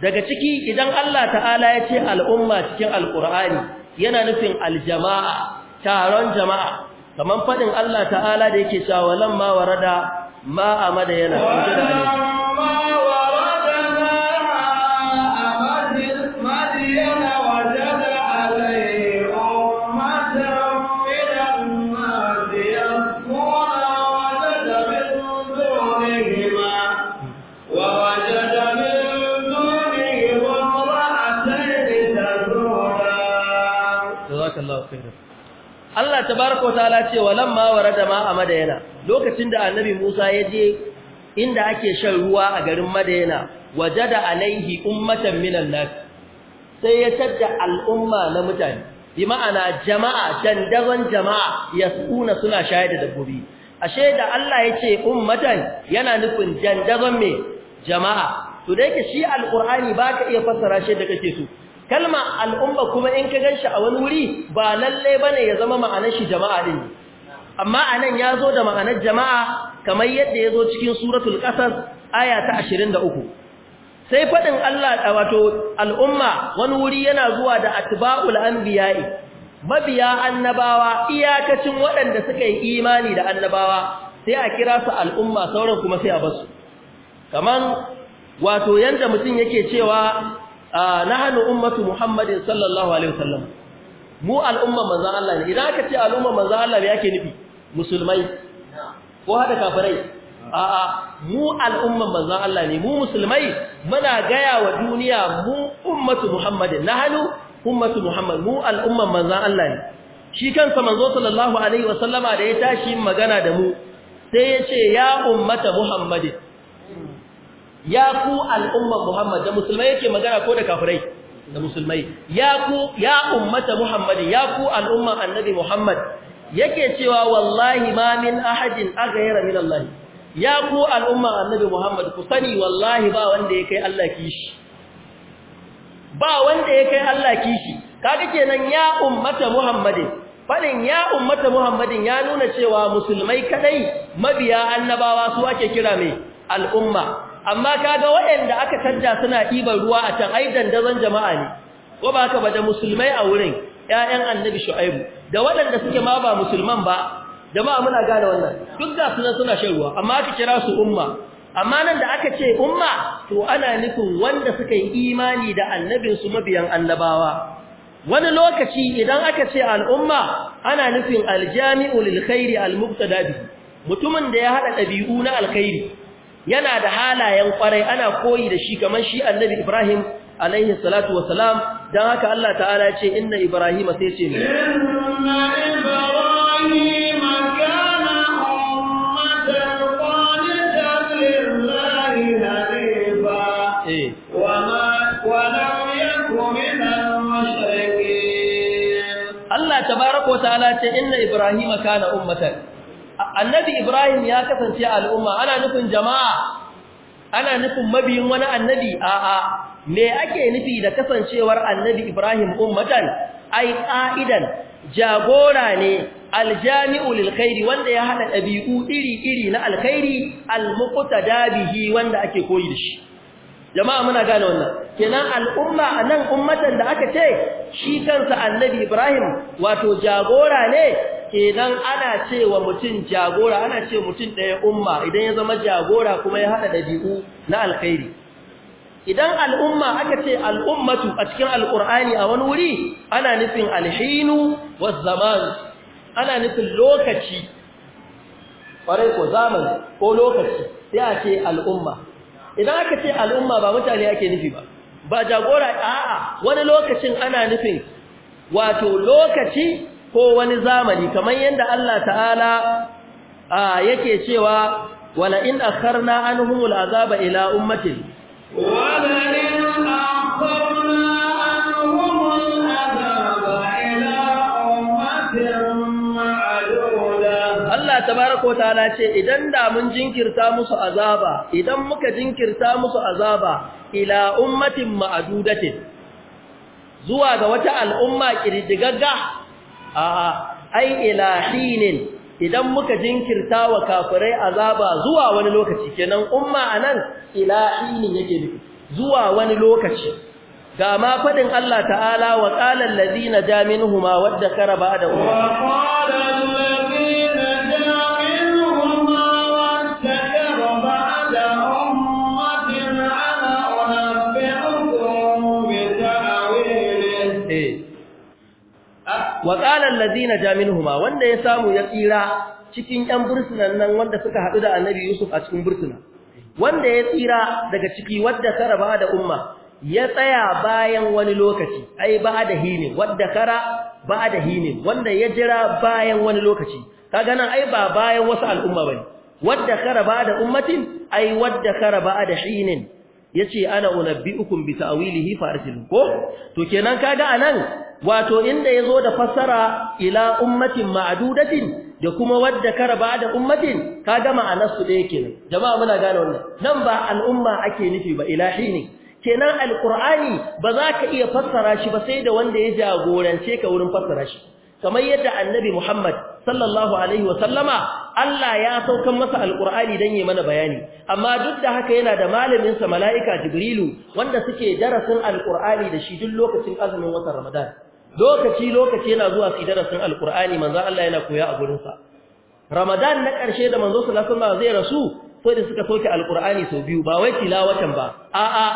daga ciki idan Allah ta'ala ya ce al'umma cikin alqur'ani yana nufin aljama'a taron jama'a kaman fadin Allah ta'ala da yake cewa lamma warada ma amada yana cikin tabaraka ta'ala ce walamma warada ma a madayana lokacin da annabi Musa ya je inda ake shan ruwa a garin madayana wajada alaihi ummatan minan nas sai ya tadda al'umma na mutane bi ma'ana jama'a dandazon jama'a yasuna suna shayar da dabbobi ashe da Allah ya ce ummatan yana nufin dandazon me jama'a to dai ke shi alqur'ani baka iya fassara shi da kake so kalma al'umma kuma in ka ganshi a wani wuri ba lalle bane ya zama ma'anar shi jama'a din amma a nan ya zo da ma'anar jama'a kamar yadda ya zo cikin suratul qasas aya ta 23 sai faɗin Allah wato al'umma wani wuri yana zuwa da atba'ul anbiya'i mabiya annabawa iyakacin waɗanda suka yi imani da annabawa sai a kira su al'umma sauran kuma sai a basu kaman wato yadda mutum yake cewa Ah, nahnu ummatu muhammadin sallallahu alaihi wasallam mu al'umma manzon Allah ne idan aka ce al'umma manzon Allah me yake nufi musulmai ko hada kafirai a'a mu al'umma manzon Allah ne mu musulmai muna gaya wa duniya mu ummatu muhammadin nahnu ummatu muhammad mu al'umma manzon Allah ne shi kansa manzo sallallahu alaihi wasallama da ya tashi magana da mu sai ya ce ya ummata muhammadin ya ku al'umma Muhammad da musulmai yake magana ko da kafirai da musulmai ya ku ya ummata Muhammad ya ku al'umma annabi Muhammad yake cewa wallahi ma min ahadin aghayra min Allah ya ku al'umma annabi Muhammad ku sani wallahi ba wanda yake Allah kishi ba wanda yake Allah kishi kaga kenan ya ummata Muhammad fadin ya ummata Muhammad ya nuna cewa musulmai kadai mabiya annabawa su ake kira mai al'umma amma kaga waɗanda aka tadda suna ɗiban ruwa a can ai dandazon jama'a ne ko ba haka ba da musulmai a wurin ƴaƴan annabi shu'aibu da waɗanda suke ma ba musulman ba jama'a muna gane wannan duk da suna suna shan ruwa amma aka kira su umma amma nan da aka ce umma to ana nufin wanda suka yi imani da annabin su mabiyan annabawa wani lokaci idan aka ce al'umma ana nufin aljami'u lil khairi al mutumin da ya hada dabi'u na alkhairi yana da halayen kwarai ana koyi da shi kamar shi annabi Ibrahim alaihi salatu wassalam dan haka Allah ta'ala ya ce inna Ibrahim sai ce ne inna Ibrahim kana ummatan qanitan lillahi hanifa eh. wa ma wa lam yakun minal mushrikin Allah tabaaraka ta'ala ce inna Ibrahim kana ummatan annabi ibrahim ya kasance al'umma ana nufin jama'a ana nufin mabiyin wani annabi a'a me ake nufi da kasancewar annabi ibrahim ummatan ai ka'idan, jagora ne aljami'u lil wanda ya hada dabi'u iri iri na alkhairi almuqtada bihi wanda ake koyi da shi jama'a muna gane wannan kenan al'umma anan ummatan da aka ce shi kansa annabi ibrahim wato jagora ne kenan ana cewa mutum jagora ana ce mutum ɗaya umma idan ya zama jagora kuma ya haɗa ɗabi'u na alkhairi idan al'umma aka ce al'ummatu a cikin al'ur'ani a wani wuri ana nufin alhinu wasu zaman ana nufin lokaci ƙwarai ko zaman ko lokaci sai a ce al'umma idan aka ce al'umma ba mutane ake nufi ba ba jagora a'a wani lokacin ana nufin wato lokaci ko wani zamani kamar yadda Allah ta'ala yake cewa wala in akharna anhum al'azaba ila ummatin wala in akharna anhum al'azaba ila ummatin Allah tabaraka wa ta'ala ce idan da mun jinkirta musu azaba idan muka jinkirta musu azaba ila ummatin ma'dudatin zuwa ga wata al'umma kirdigagga a'a ai ilahinin idan muka jinkirta wa kafirai azaba zuwa wani lokaci kenan umma anan ilahinin yake nufi zuwa wani lokaci ga ma fadin Allah ta'ala wa qala allazina jaminhuma wadda karaba da umma wa qala allazina jaminhuma wanda ya samu ya tsira cikin ƴan bursunan nan wanda suka haɗu da annabi Yusuf a cikin bursuna wanda ya tsira daga ciki wadda ba da umma ya tsaya bayan wani lokaci ai ba da hine wadda kara ba da hine wanda ya jira bayan wani lokaci kaga nan ai ba bayan wasu al'umma bane wadda kara ba da ummatin ai wadda kara ba da hinin yace ana unabbiukum bi ta'wilihi farsil ko to kenan kaga anan wato inda yazo da fassara ila ummatin ma'dudatin da kuma wadda karaba da ummatin kaga ma'anar su da yake jama'a muna gane wannan nan ba al'umma ake nufi ba ilahi ne kenan alqur'ani ba za ka iya fassara shi ba sai da wanda ya jagorance ka wurin fassara shi kamar yadda annabi Muhammad sallallahu alaihi sallama, Allah ya saukan masa alqur'ani dan yayi mana bayani amma duk da haka yana da malamin sa malaika jibrilu wanda suke darasin alqur'ani da shi duk lokacin azumin watan ramadan lokaci lokaci yana zuwa su darasin alqur'ani manzo Allah yana koya a gurin sa ramadan na karshe da manzo sallallahu alaihi wasallam zai rasu Ko da suka soke alqur'ani sau biyu ba wai tilawatan ba a'a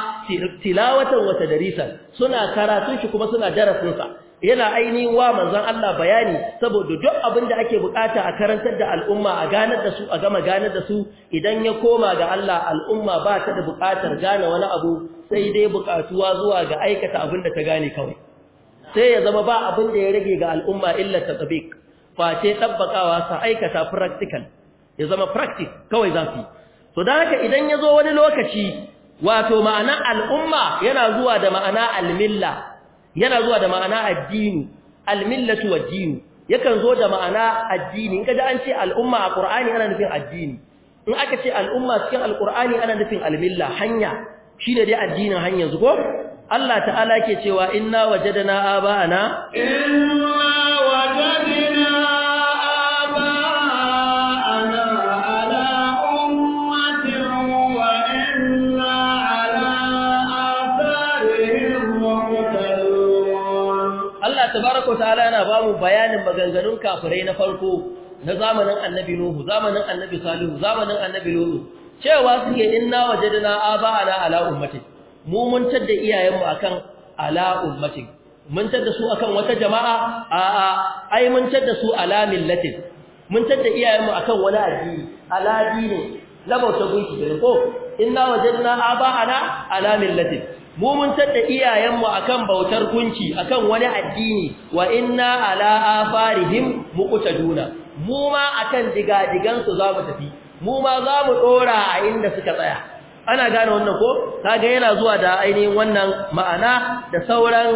tilawatan wa tadrisan suna karatun shi kuma suna darasin sa yana ainihin wa manzon Allah bayani saboda duk abin da ake bukata a karantar da al'umma a ganar da su a gama ganar da su idan ya koma ga Allah al'umma ba ta da bukatar gane wani abu sai dai bukatuwa zuwa ga aikata abin da ta gane kawai sai ya zama ba abin da ya rage ga al'umma illa tatbiq sai tabbakawa sa aikata practical ya zama practical kawai zafi to dan haka idan ya zo wani lokaci wato ma'ana al'umma yana zuwa da ma'ana almilla yana zuwa da ma'ana addini yakan zo da ma'ana addini in kaji an ce al'umma a qur'ani ana nufin addini in aka ce al'umma cikin alqur'ani ana nufin almilla hanya shine dai addinin hanyar zuko Allah ta'ala ke cewa inna wajadna aba'ana inna ta'ala yana ba mu bayanin maganganun kafirai na farko na zamanin annabi nuhu zamanin annabi salihu zamanin annabi lulu cewa suke inna wajadna Aba ala ala ummati mu mun tadda iyayenmu akan ala ummati mun tadda su akan wata jama'a a a ai mun tadda su ala millatin mun tadda iyayenmu akan wani addini ala dini labauta gunki da ko inna wajadna Aba ala millatin mu mun tada iyayenmu akan bautar kunci akan wani addini wa inna ala afarihim muqtaduna mu ma akan digadigan su zamu tafi mu ma zamu dora a inda suka tsaya ana gane wannan ko kaga yana zuwa da ainihin wannan ma'ana da sauran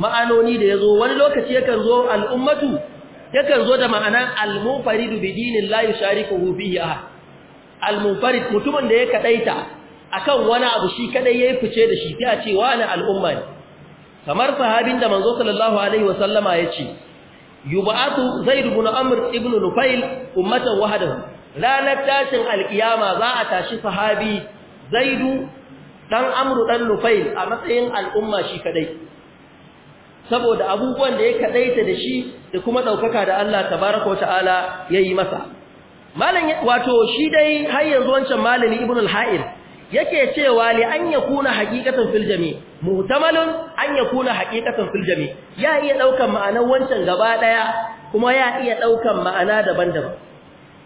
ma'anoni da yazo wani lokaci yakan zo al'ummatu yakan zo da ma'anan al-munfarid bi dinillahi sharikuhu bihi ahad al-munfarid mutumin da ya kaɗaita. akan wani abu shi kadai yayi fice da shi ta ce wani al'umma ne kamar sahabin da manzo sallallahu alaihi wasallama yace yub'atu zaid ibn amr ibn nufail ummatan wahdahu ranar tashin alkiyama za a tashi sahabi zaidu dan amru dan nufail a matsayin al'umma shi kadai saboda abubuwan da ya kadaita da shi da kuma daukaka da Allah tabaraka wataala yayi masa malam wato shi dai har yanzu wancan malami ibn al-ha'ir yake cewa li an yakuna haqiqatan fil filjami, mu'tamalun an yakuna haqiqatan fil jami ya iya daukan ma'anar wancan gaba daya kuma ya iya daukan ma'ana daban-daban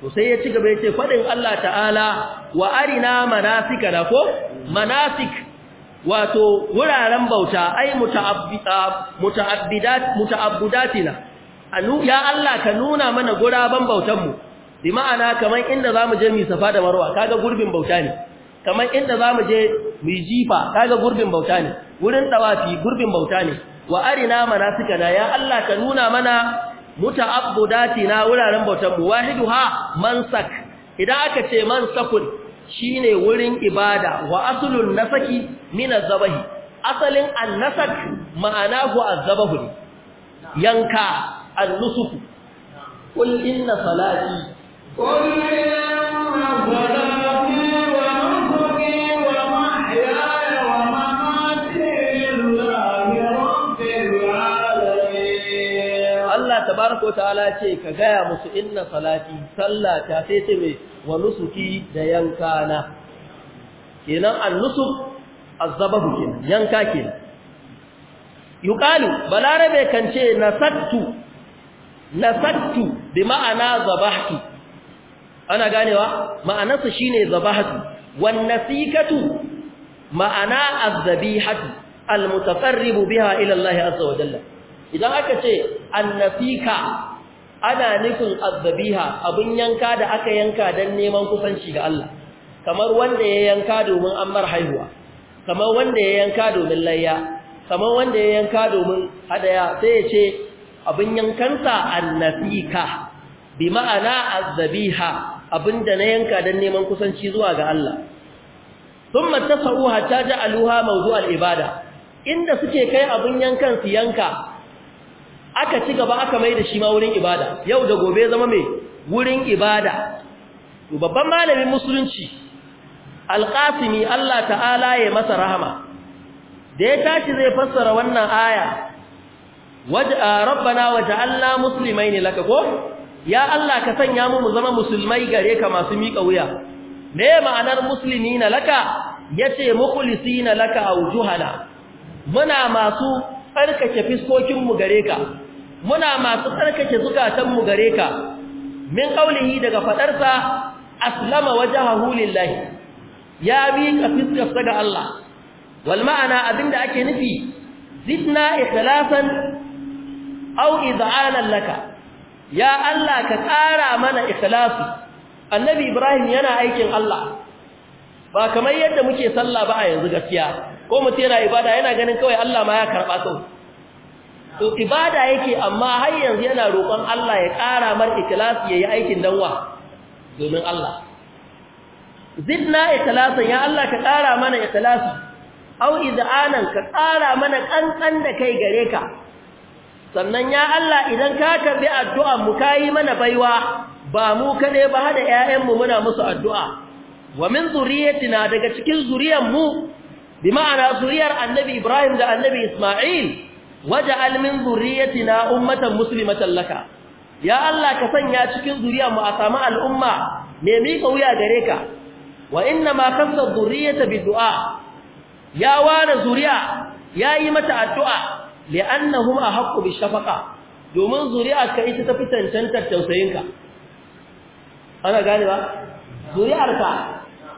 to sai ya ci gaba ya ce faɗin Allah ta'ala wa arina na ko manasik wato wuraren bauta ai muta'abbida muta'abbidat muta'abbudatina ya Allah ka nuna mana guraben bautan mu bi ma'ana kaman inda zamu je mi safa da marwa kaga gurbin bauta ne kamar inda za mu je mu jifa kaga gurbin bauta ne wurin tawafi gurbin bauta ne wa arina manasikana ya Allah ka nuna mana na wuraren bautar mu wahiduha mansak idan aka ce mansakun shine wurin ibada wa aslun nasaki min azbahi asalin annasak ma'anahu azbahu yanka annusuk qul inna salati qul inna salati tabaraka wa ta'ala ce ka gaya musu inna salati sallata sai ce mai wa nusuki da yankana kenan an-nusuk azzabahu kenan yanka kenan yuqalu balarabe kan ce nasattu nasattu bi ma'ana zabahtu ana ganewa ma'anarsa shine zabahtu wan nasikatu ma'ana az-zabihatu al-mutafarribu biha ila Allah azza wa jalla idan aka ce annafika ana nufin azzabiha abin yanka da aka yanka don neman kusanci ga Allah kamar wanda ya yanka domin ammar haihuwa kamar wanda ya yanka domin layya kamar wanda ya yanka domin hadaya sai ya ce abin yankansa annafika bi ma'ana azzabiha da na yanka don neman kusanci zuwa ga Allah thumma tasawuha taj'aluha mawdu' al-ibada inda suke kai abin yankan su yanka aka ci gaba aka mai da shi ma wurin ibada yau da gobe zama mai wurin ibada babban malamin musulunci alƙasimi Allah ta'ala ya masa rahama da ya tashi zai fassara wannan aya rabbana waja'alna muslimaini laka ko ya Allah ka sanya mu mu zama musulmai gare ka masu miƙa wuya me ma'anar muslimina laka yace mukhlisina laka aujuhana muna masu tsarkake fiskokinmu gare ka muna masu tsarkake zukatanmu gare ka min qaulihi daga faɗarsa aslama wajhahu lillahi ya miƙa fiskarsa ga Allah wal ma'ana abinda ake nufi zidna ikhlasan aw id'anan laka ya Allah ka tsara mana ikhlasi annabi ibrahim yana aikin Allah ba kamar yadda muke sallah ba a yanzu gaskiya ko mutum yana ibada yana ganin kawai Allah ma ya karɓa sau to ibada yake amma har yanzu yana roƙon Allah ya ƙara mar ikhlasi yayi aikin danwa domin Allah zidna ikhlasan ya Allah ka ƙara mana ikhlasi au iz'anan ka ƙara mana kankan da kai gare ka sannan ya Allah idan ka karbi addu'a mu kai mana baiwa ba mu kade ba hada ƴaƴan mu muna musu addu'a wa min zuriyatina daga cikin zuriyan mu bi zuriyar annabi Ibrahim da annabi Isma'il waja'al min zurriyatina ummatan muslimatan laka ya Allah ka sanya cikin zuriyar mu a samu al'umma Me mika wuya gare ka wa inna ma kasar zurriyata bi du'a ya ware zuriya yayi mata addu'a li'annahum ahqqu bi shafaqa domin zuri'ar ka ita tantantar tausayinka ana gane ba zuri'ar ka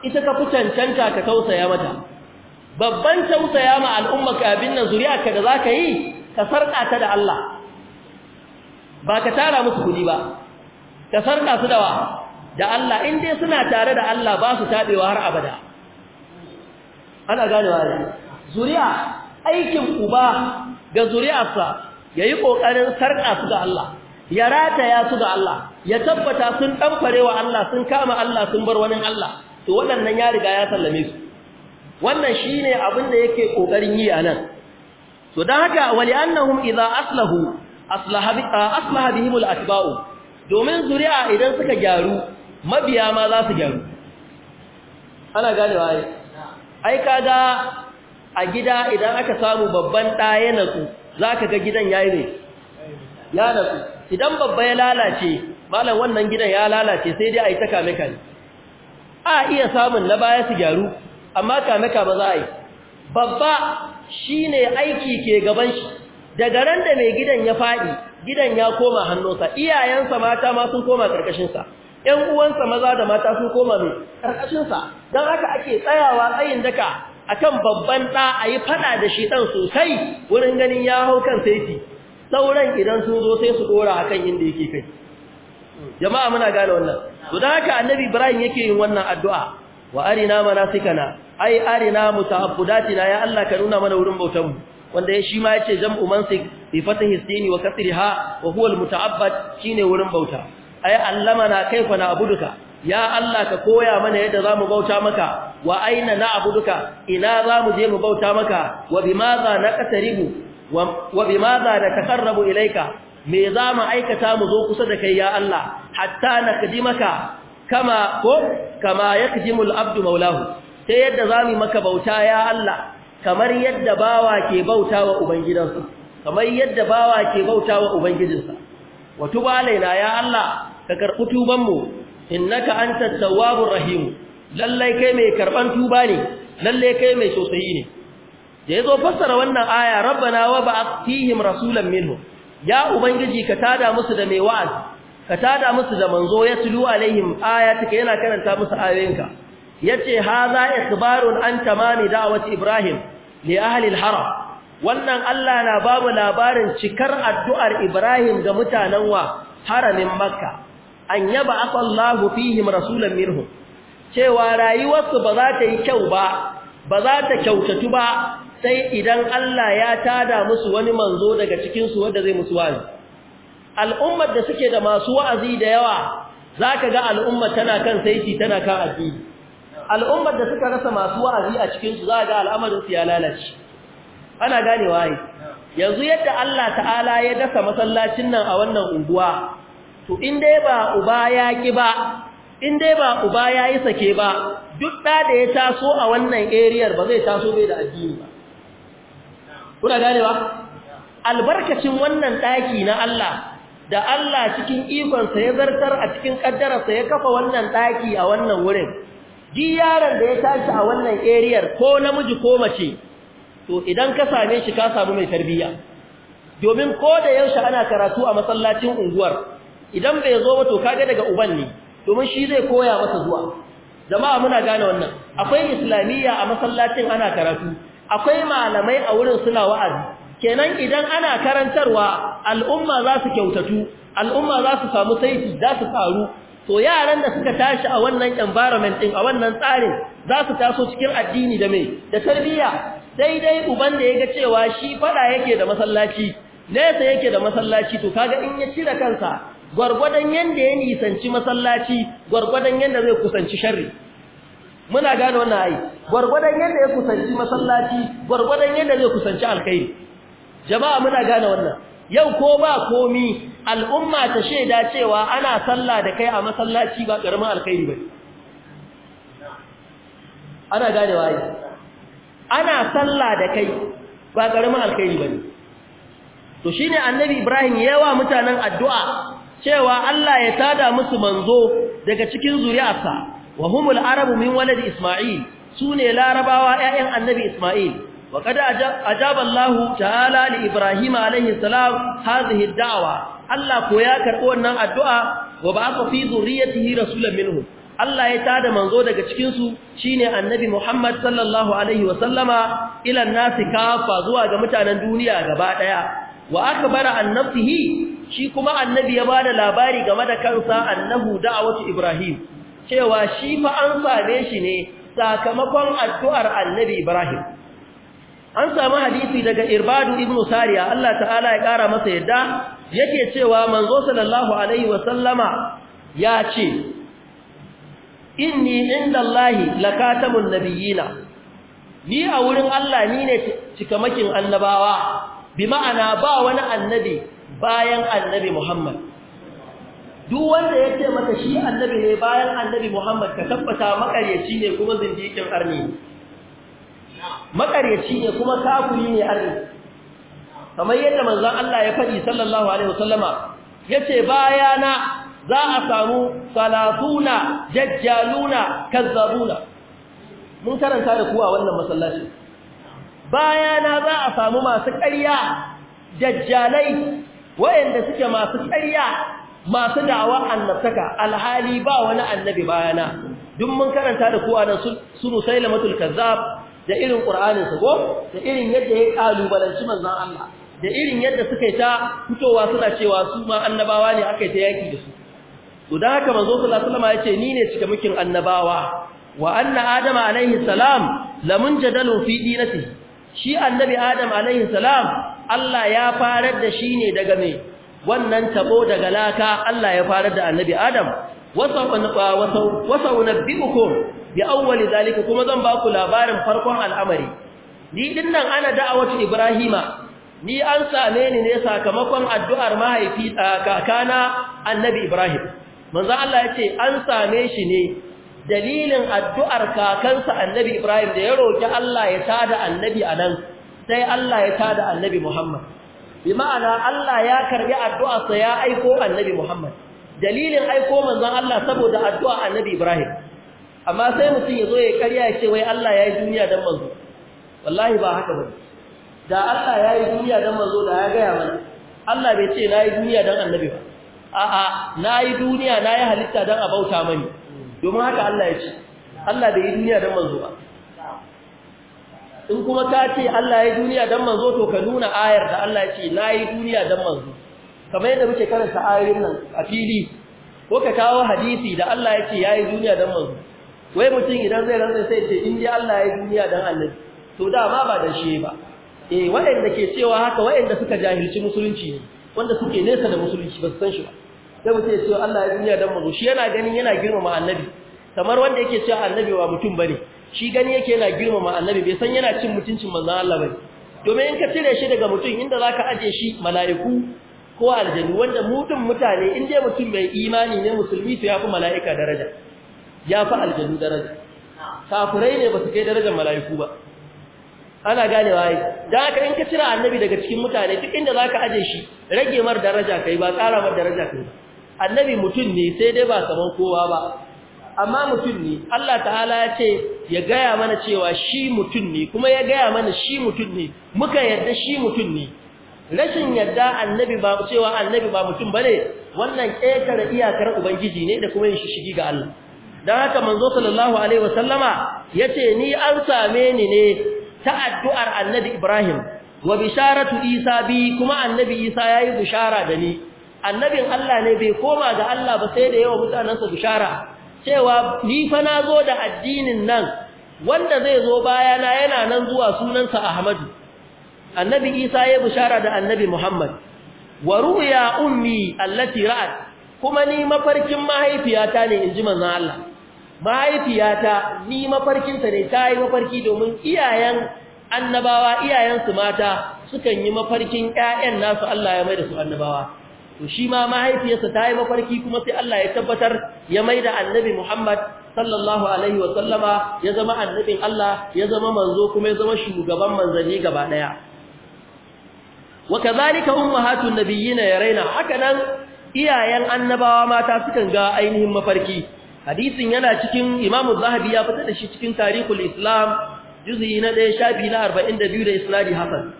ita ka fi cancanta ka tausaya mata babban tausaya ma al'umma ka abin nan zuriya ka da zaka yi ka sarka ta da Allah ba ka tara musu kudi ba ka sarka su da wa da Allah in dai suna tare da Allah ba su tabewa har abada ana ganewa ne zuriya aikin uba ga zuriyarsa yayi kokarin sarka su ga Allah ya rataya su ga Allah ya tabbata sun danfare wa Allah sun kama Allah sun bar wani Allah to waɗannan ya riga ya sallame su wannan ne abin da yake ƙoƙarin yi a nan. to don haka wali annahun iza aslahu aslaha bi aslaha domin zuri'a idan suka gyaru mabiya ma za su gyaru ana ganewa ai ai kaga a gida idan aka samu babban na su za ka ga gidan yayi ne ya natsu idan babba ya lalace malam wannan gidan ya lalace sai dai ai ta kame kan a iya samun na baya su gyaru amma kame kame za a yi babba shine aiki ke gaban shi daga ran da mai gidan ya faɗi gidan ya koma hannunsa iyayensa mata ma sun koma karkashinsa ƴan uwansa maza da mata sun koma mai karkashinsa don haka ake tsayawa tsayin daka akan babban ɗa a yi faɗa da shi ɗan sosai wurin ganin ya hau kan saiti sauran idan sun zo sai su ɗora akan inda yake kai jama'a muna gane wannan to don haka annabi ibrahim yake yin wannan addu'a wa arina manasikana ai arina mutahabbudatina ya Allah ka nuna mana wurin bautar mu wanda ya shi ma yace jam'u mansik bi fatihi sini wa kasriha wa huwa almutaabbad shine wurin bauta ai allamana kaifa na abuduka ya Allah ka koya mana yadda zamu bauta maka wa aina na'buduka ina zamu je mu bauta maka wa bimaza naqtaribu wa bimaza natakarrabu ilayka me zamu aikata mu zo kusa da kai ya Allah hatta nakdimaka kama ko kama yakdimul abdu maulahu Sai yadda za mu maka bauta ya Allah kamar yadda bawa ke bauta wa ubangidansa kamar yadda bawa ke bauta wa ubangijinsa wa tuba alaina ya Allah ka karɓi tubanmu innaka antat tawwabur rahim lallai kai mai karban tuba ne lallai kai mai sosai ne da yazo fassara wannan aya rabbana wa ba'athihim rasulan minhum ya ubangiji ka tada musu da mai wa'azi ka tada musu da manzo ya tulu alaihim ayatika yana karanta musu ayoyinka yace haza ikhbarun an tamami da'wati ibrahim li ahli al-haram wannan Allah na ba mu labarin cikar addu'ar ibrahim ga mutanen wa haramin makka an yaba asallahu fihim rasulan minhum cewa rayuwarsu ba za ta yi kyau ba ba za ta kyautatu ba sai idan Allah ya tada musu wani manzo daga cikin su wanda zai musu wani al'ummar da suke da masu wa'azi da yawa zaka ga al'umma tana kan saiti tana kan addini al'ummar da suka rasa masu wa'azi a cikin su za ga al'amarin ya lalace ana gane waye yanzu yadda Allah ta'ala ya dasa masallacin nan a wannan unguwa to in dai ba uba ya ki ba in dai ba uba ya yi sake ba duk da da ya taso a wannan area ba zai taso bai da addini ba kuna ganewa albarkacin wannan daki na Allah da Allah cikin ikonsa ya zartar a cikin kaddararsa ya kafa wannan daki a wannan wurin ji yaron da ya tashi a wannan eriyar ko namiji ko mace to idan ka same shi ka samu mai tarbiyya domin ko da yaushe ana karatu a masallacin unguwar idan bai zo ba to kaga daga uban ne domin shi zai koya masa zuwa jama'a muna gane wannan akwai islamiyya a masallacin ana karatu akwai malamai a wurin suna wa'azi kenan idan ana karantarwa al'umma za su kyautatu al'umma za su samu saiti za su faru to yaran da suka tashi a wannan environment din a wannan tsarin za su taso cikin addini da me da tarbiyya sai dai uban da yake cewa shi fada yake da masallaci nesa yake da masallaci to kaga in ya cire kansa gwargwadon yanda ya nisanci masallaci gwargwadon yanda zai kusanci sharri muna gane wannan ai gwargwadon yanda ya kusanci masallaci gwargwadon yanda zai kusanci alkhairi jama'a muna gane wannan yau ko ba komi al'umma ta shaida cewa ana sallah da kai a masallaci ba karamin alkhairi ba ana da yi ana sallah da kai ba karamin alkhairi ba to shi annabi ibrahim yawa mutanen addu'a cewa allah ya tada musu manzo daga cikin zuriyarsa wa humul arabu min waladi isma'il sune larabawa ‘ya'yan annabi isma'il wa kada ajab allahu ta'ala li ibrahim alaihi salam hazihi Allah ko ya karɓi wannan addu'a wa ba aka fi yi rasulun minhu Allah ya tada manzo daga cikinsu shi ne annabi Muhammad sallallahu Alaihi wasallama ilan nasi kafa zuwa ga mutanen duniya gaba ɗaya. Wa aka bara annabtihi shi kuma annabi ya ba da labari game da kansa annahu da'awatu Ibrahim, cewa shi fa an same shi ne sakamakon addu'ar annabi Ibrahim. An sami hadisi daga Irbadu Ibn Sariya, Allah ta'ala ya ƙara masa yadda yake cewa manzo sallallahu alaihi wa sallama ya ce inni indallahi lakatamun nabiyina ni a wurin Allah ni ne cikamakin annabawa bi ma'ana ba wani annabi bayan annabi Muhammad duk wanda ya ce maka shi annabi ne bayan annabi Muhammad ka tabbata makaryaci ne kuma zindikin arni makaryaci ne kuma kafiri ne arni kamar yadda manzon Allah ya faɗi sallallahu alaihi wasallama yace bayana za a samu salatuna dajjaluna kazzabuna mun karanta da kuwa a wannan masallaci bayana za a samu masu ƙarya dajjalai wayanda suke masu ƙarya masu da'awa annabtaka alhali ba wani annabi bayana duk mun karanta da kowa nan sunu sailamatul kazzab da irin qur'anin go, da irin yadda ya kalubalanci manzon Allah da irin yadda suka yi ta fitowa suna cewa su ma annabawa ne aka yi ta yaki da su to da haka manzo sallallahu alaihi wasallam ya ce ni ne cikamakin annabawa wa anna adama alaihi salam lamun jadalu fi dinati shi annabi adam alaihi salam Allah ya farar da shi ne daga me wannan tabo daga laka Allah ya farar da annabi adam wasau nabbi'ukum bi awwali zalika kuma zan ba ku labarin farkon al'amari ni dinnan ana da'awatu ibrahima ni an same ni ne sakamakon addu'ar mahaifi kakana annabi Ibrahim manzo Allah yace an same shi ne dalilin addu'ar kakansa annabi Ibrahim da ya roki Allah ya tada annabi anan sai Allah ya tada annabi Muhammad bi ma'ana Allah ya karbi addu'arsa ya aiko annabi Muhammad dalilin aiko manzon Allah saboda addu'a annabi Ibrahim amma sai mutum ya zo ya karya ya ce wai Allah ya yi duniya dan manzo wallahi ba haka ne. da Allah ya yi duniya don manzo da ya gaya mana Allah bai ce na yi duniya don annabi ba a'a na yi duniya na yi halitta don a bauta mani domin haka Allah ya ce Allah bai yi duniya don manzo ba in kuma ka ce Allah ya yi duniya don manzo to ka nuna ayar da Allah ya ce na yi duniya don manzo kamar yadda muke karanta ayoyin nan a fili ko ka kawo hadisi da Allah ya ce ya yi duniya don manzo wai mutum idan zai rantsa sai ce in dai Allah ya yi duniya don annabi to dama ba da shi ba eh waɗanda ke cewa haka waɗanda suka jahilci musulunci ne wanda suke nesa da musulunci ba su san shi ba sai mutum ya cewa Allah ya duniya dan mazo shi yana ganin yana girmama annabi kamar wanda yake cewa annabi ba mutum bane shi gani yake yana girmama annabi bai san yana cin mutuncin manzon Allah bane domin in ka cire shi daga mutum inda zaka aje shi mala'iku ko aljanu wanda mutum mutane in dai mutum mai imani ne musulmi to yafi mala'ika daraja yafi aljanu daraja kafirai ne ba su kai darajar mala'iku ba ana ganewa waye dan haka in ka cire annabi daga cikin mutane duk inda zaka aje shi rage mar daraja kai ba ƙara mar daraja kai annabi mutum ne sai dai ba saban kowa ba amma mutum ne Allah ta'ala ya ce ya gaya mana cewa shi mutum ne kuma ya gaya mana shi mutum ne muka yarda shi mutum ne rashin yarda annabi ba cewa annabi ba mutum bane wannan ƙetare iyakar ubangiji ne da kuma yin shigi ga Allah dan haka manzo sallallahu alaihi wasallama yace ni an same ni ne ta addu'ar annabi Ibrahim wa bisharatu Isa bi kuma annabi Isa yayi bishara da ni annabin Allah ne bai koma ga Allah ba sai da yawa mutanensa bishara cewa ni fa na zo da addinin nan wanda zai zo bayana yana nan zuwa sunansa Ahmadu annabi Isa ya bishara da annabi Muhammad wa ru'ya ummi allati ra'at kuma ni mafarkin mahaifiyata ne inji manzan Allah mahaifiyata ni mafarkinta ne ta yi mafarki domin iyayen annabawa iyayensu mata sukan yi mafarkin ƴaƴan nasu Allah ya mai da su annabawa to shi ma mahaifiyarsa ta yi mafarki kuma sai Allah ya tabbatar ya mai da annabi Muhammad sallallahu alaihi wa sallama ya zama annabin Allah ya zama manzo kuma ya zama shugaban manzani gaba daya wa kadhalika ummahatun nabiyina yaraina hakanan iyayen annabawa mata sukan ga ainihin mafarki hadisin yana cikin imamu zahabi ya fitar da shi cikin tarihul islam juz'i na ɗaya biyu na arba'in da biyu da isnadi hasan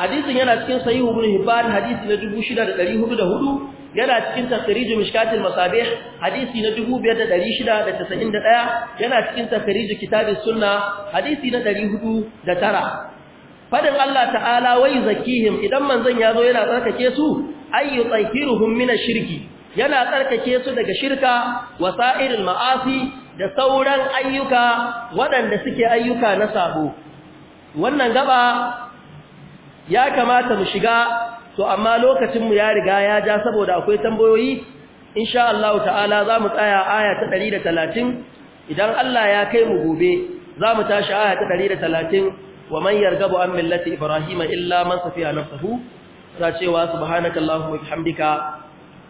hadisin yana cikin sahihu ibn hibban hadisi na dubu shida da ɗari hudu da hudu yana cikin tasirijin mishkatin masabe, hadisi na dubu biyar da ɗari shida da tasa'in da ɗaya yana cikin tasirijin kitabin sunna hadisi na ɗari hudu da tara fadin Allah ta'ala wai zakihim idan manzon ya zo yana tsarkake su ayyu tsakiruhum min shirki yana tsarkake su daga shirka wa sa'iril ma'asi da sauran ayyuka waɗanda suke ayyuka na sabo wannan gaba ya kamata mu shiga to amma lokacin mu ya riga ya ja saboda akwai tambayoyi insha Allah ta'ala zamu tsaya aya ta 130 idan Allah ya kai mu gobe zamu tashi aya ta 130 wa man yargabu an millati ibrahima illa man safiya nafsuhu ta cewa subhanakallahumma bihamdika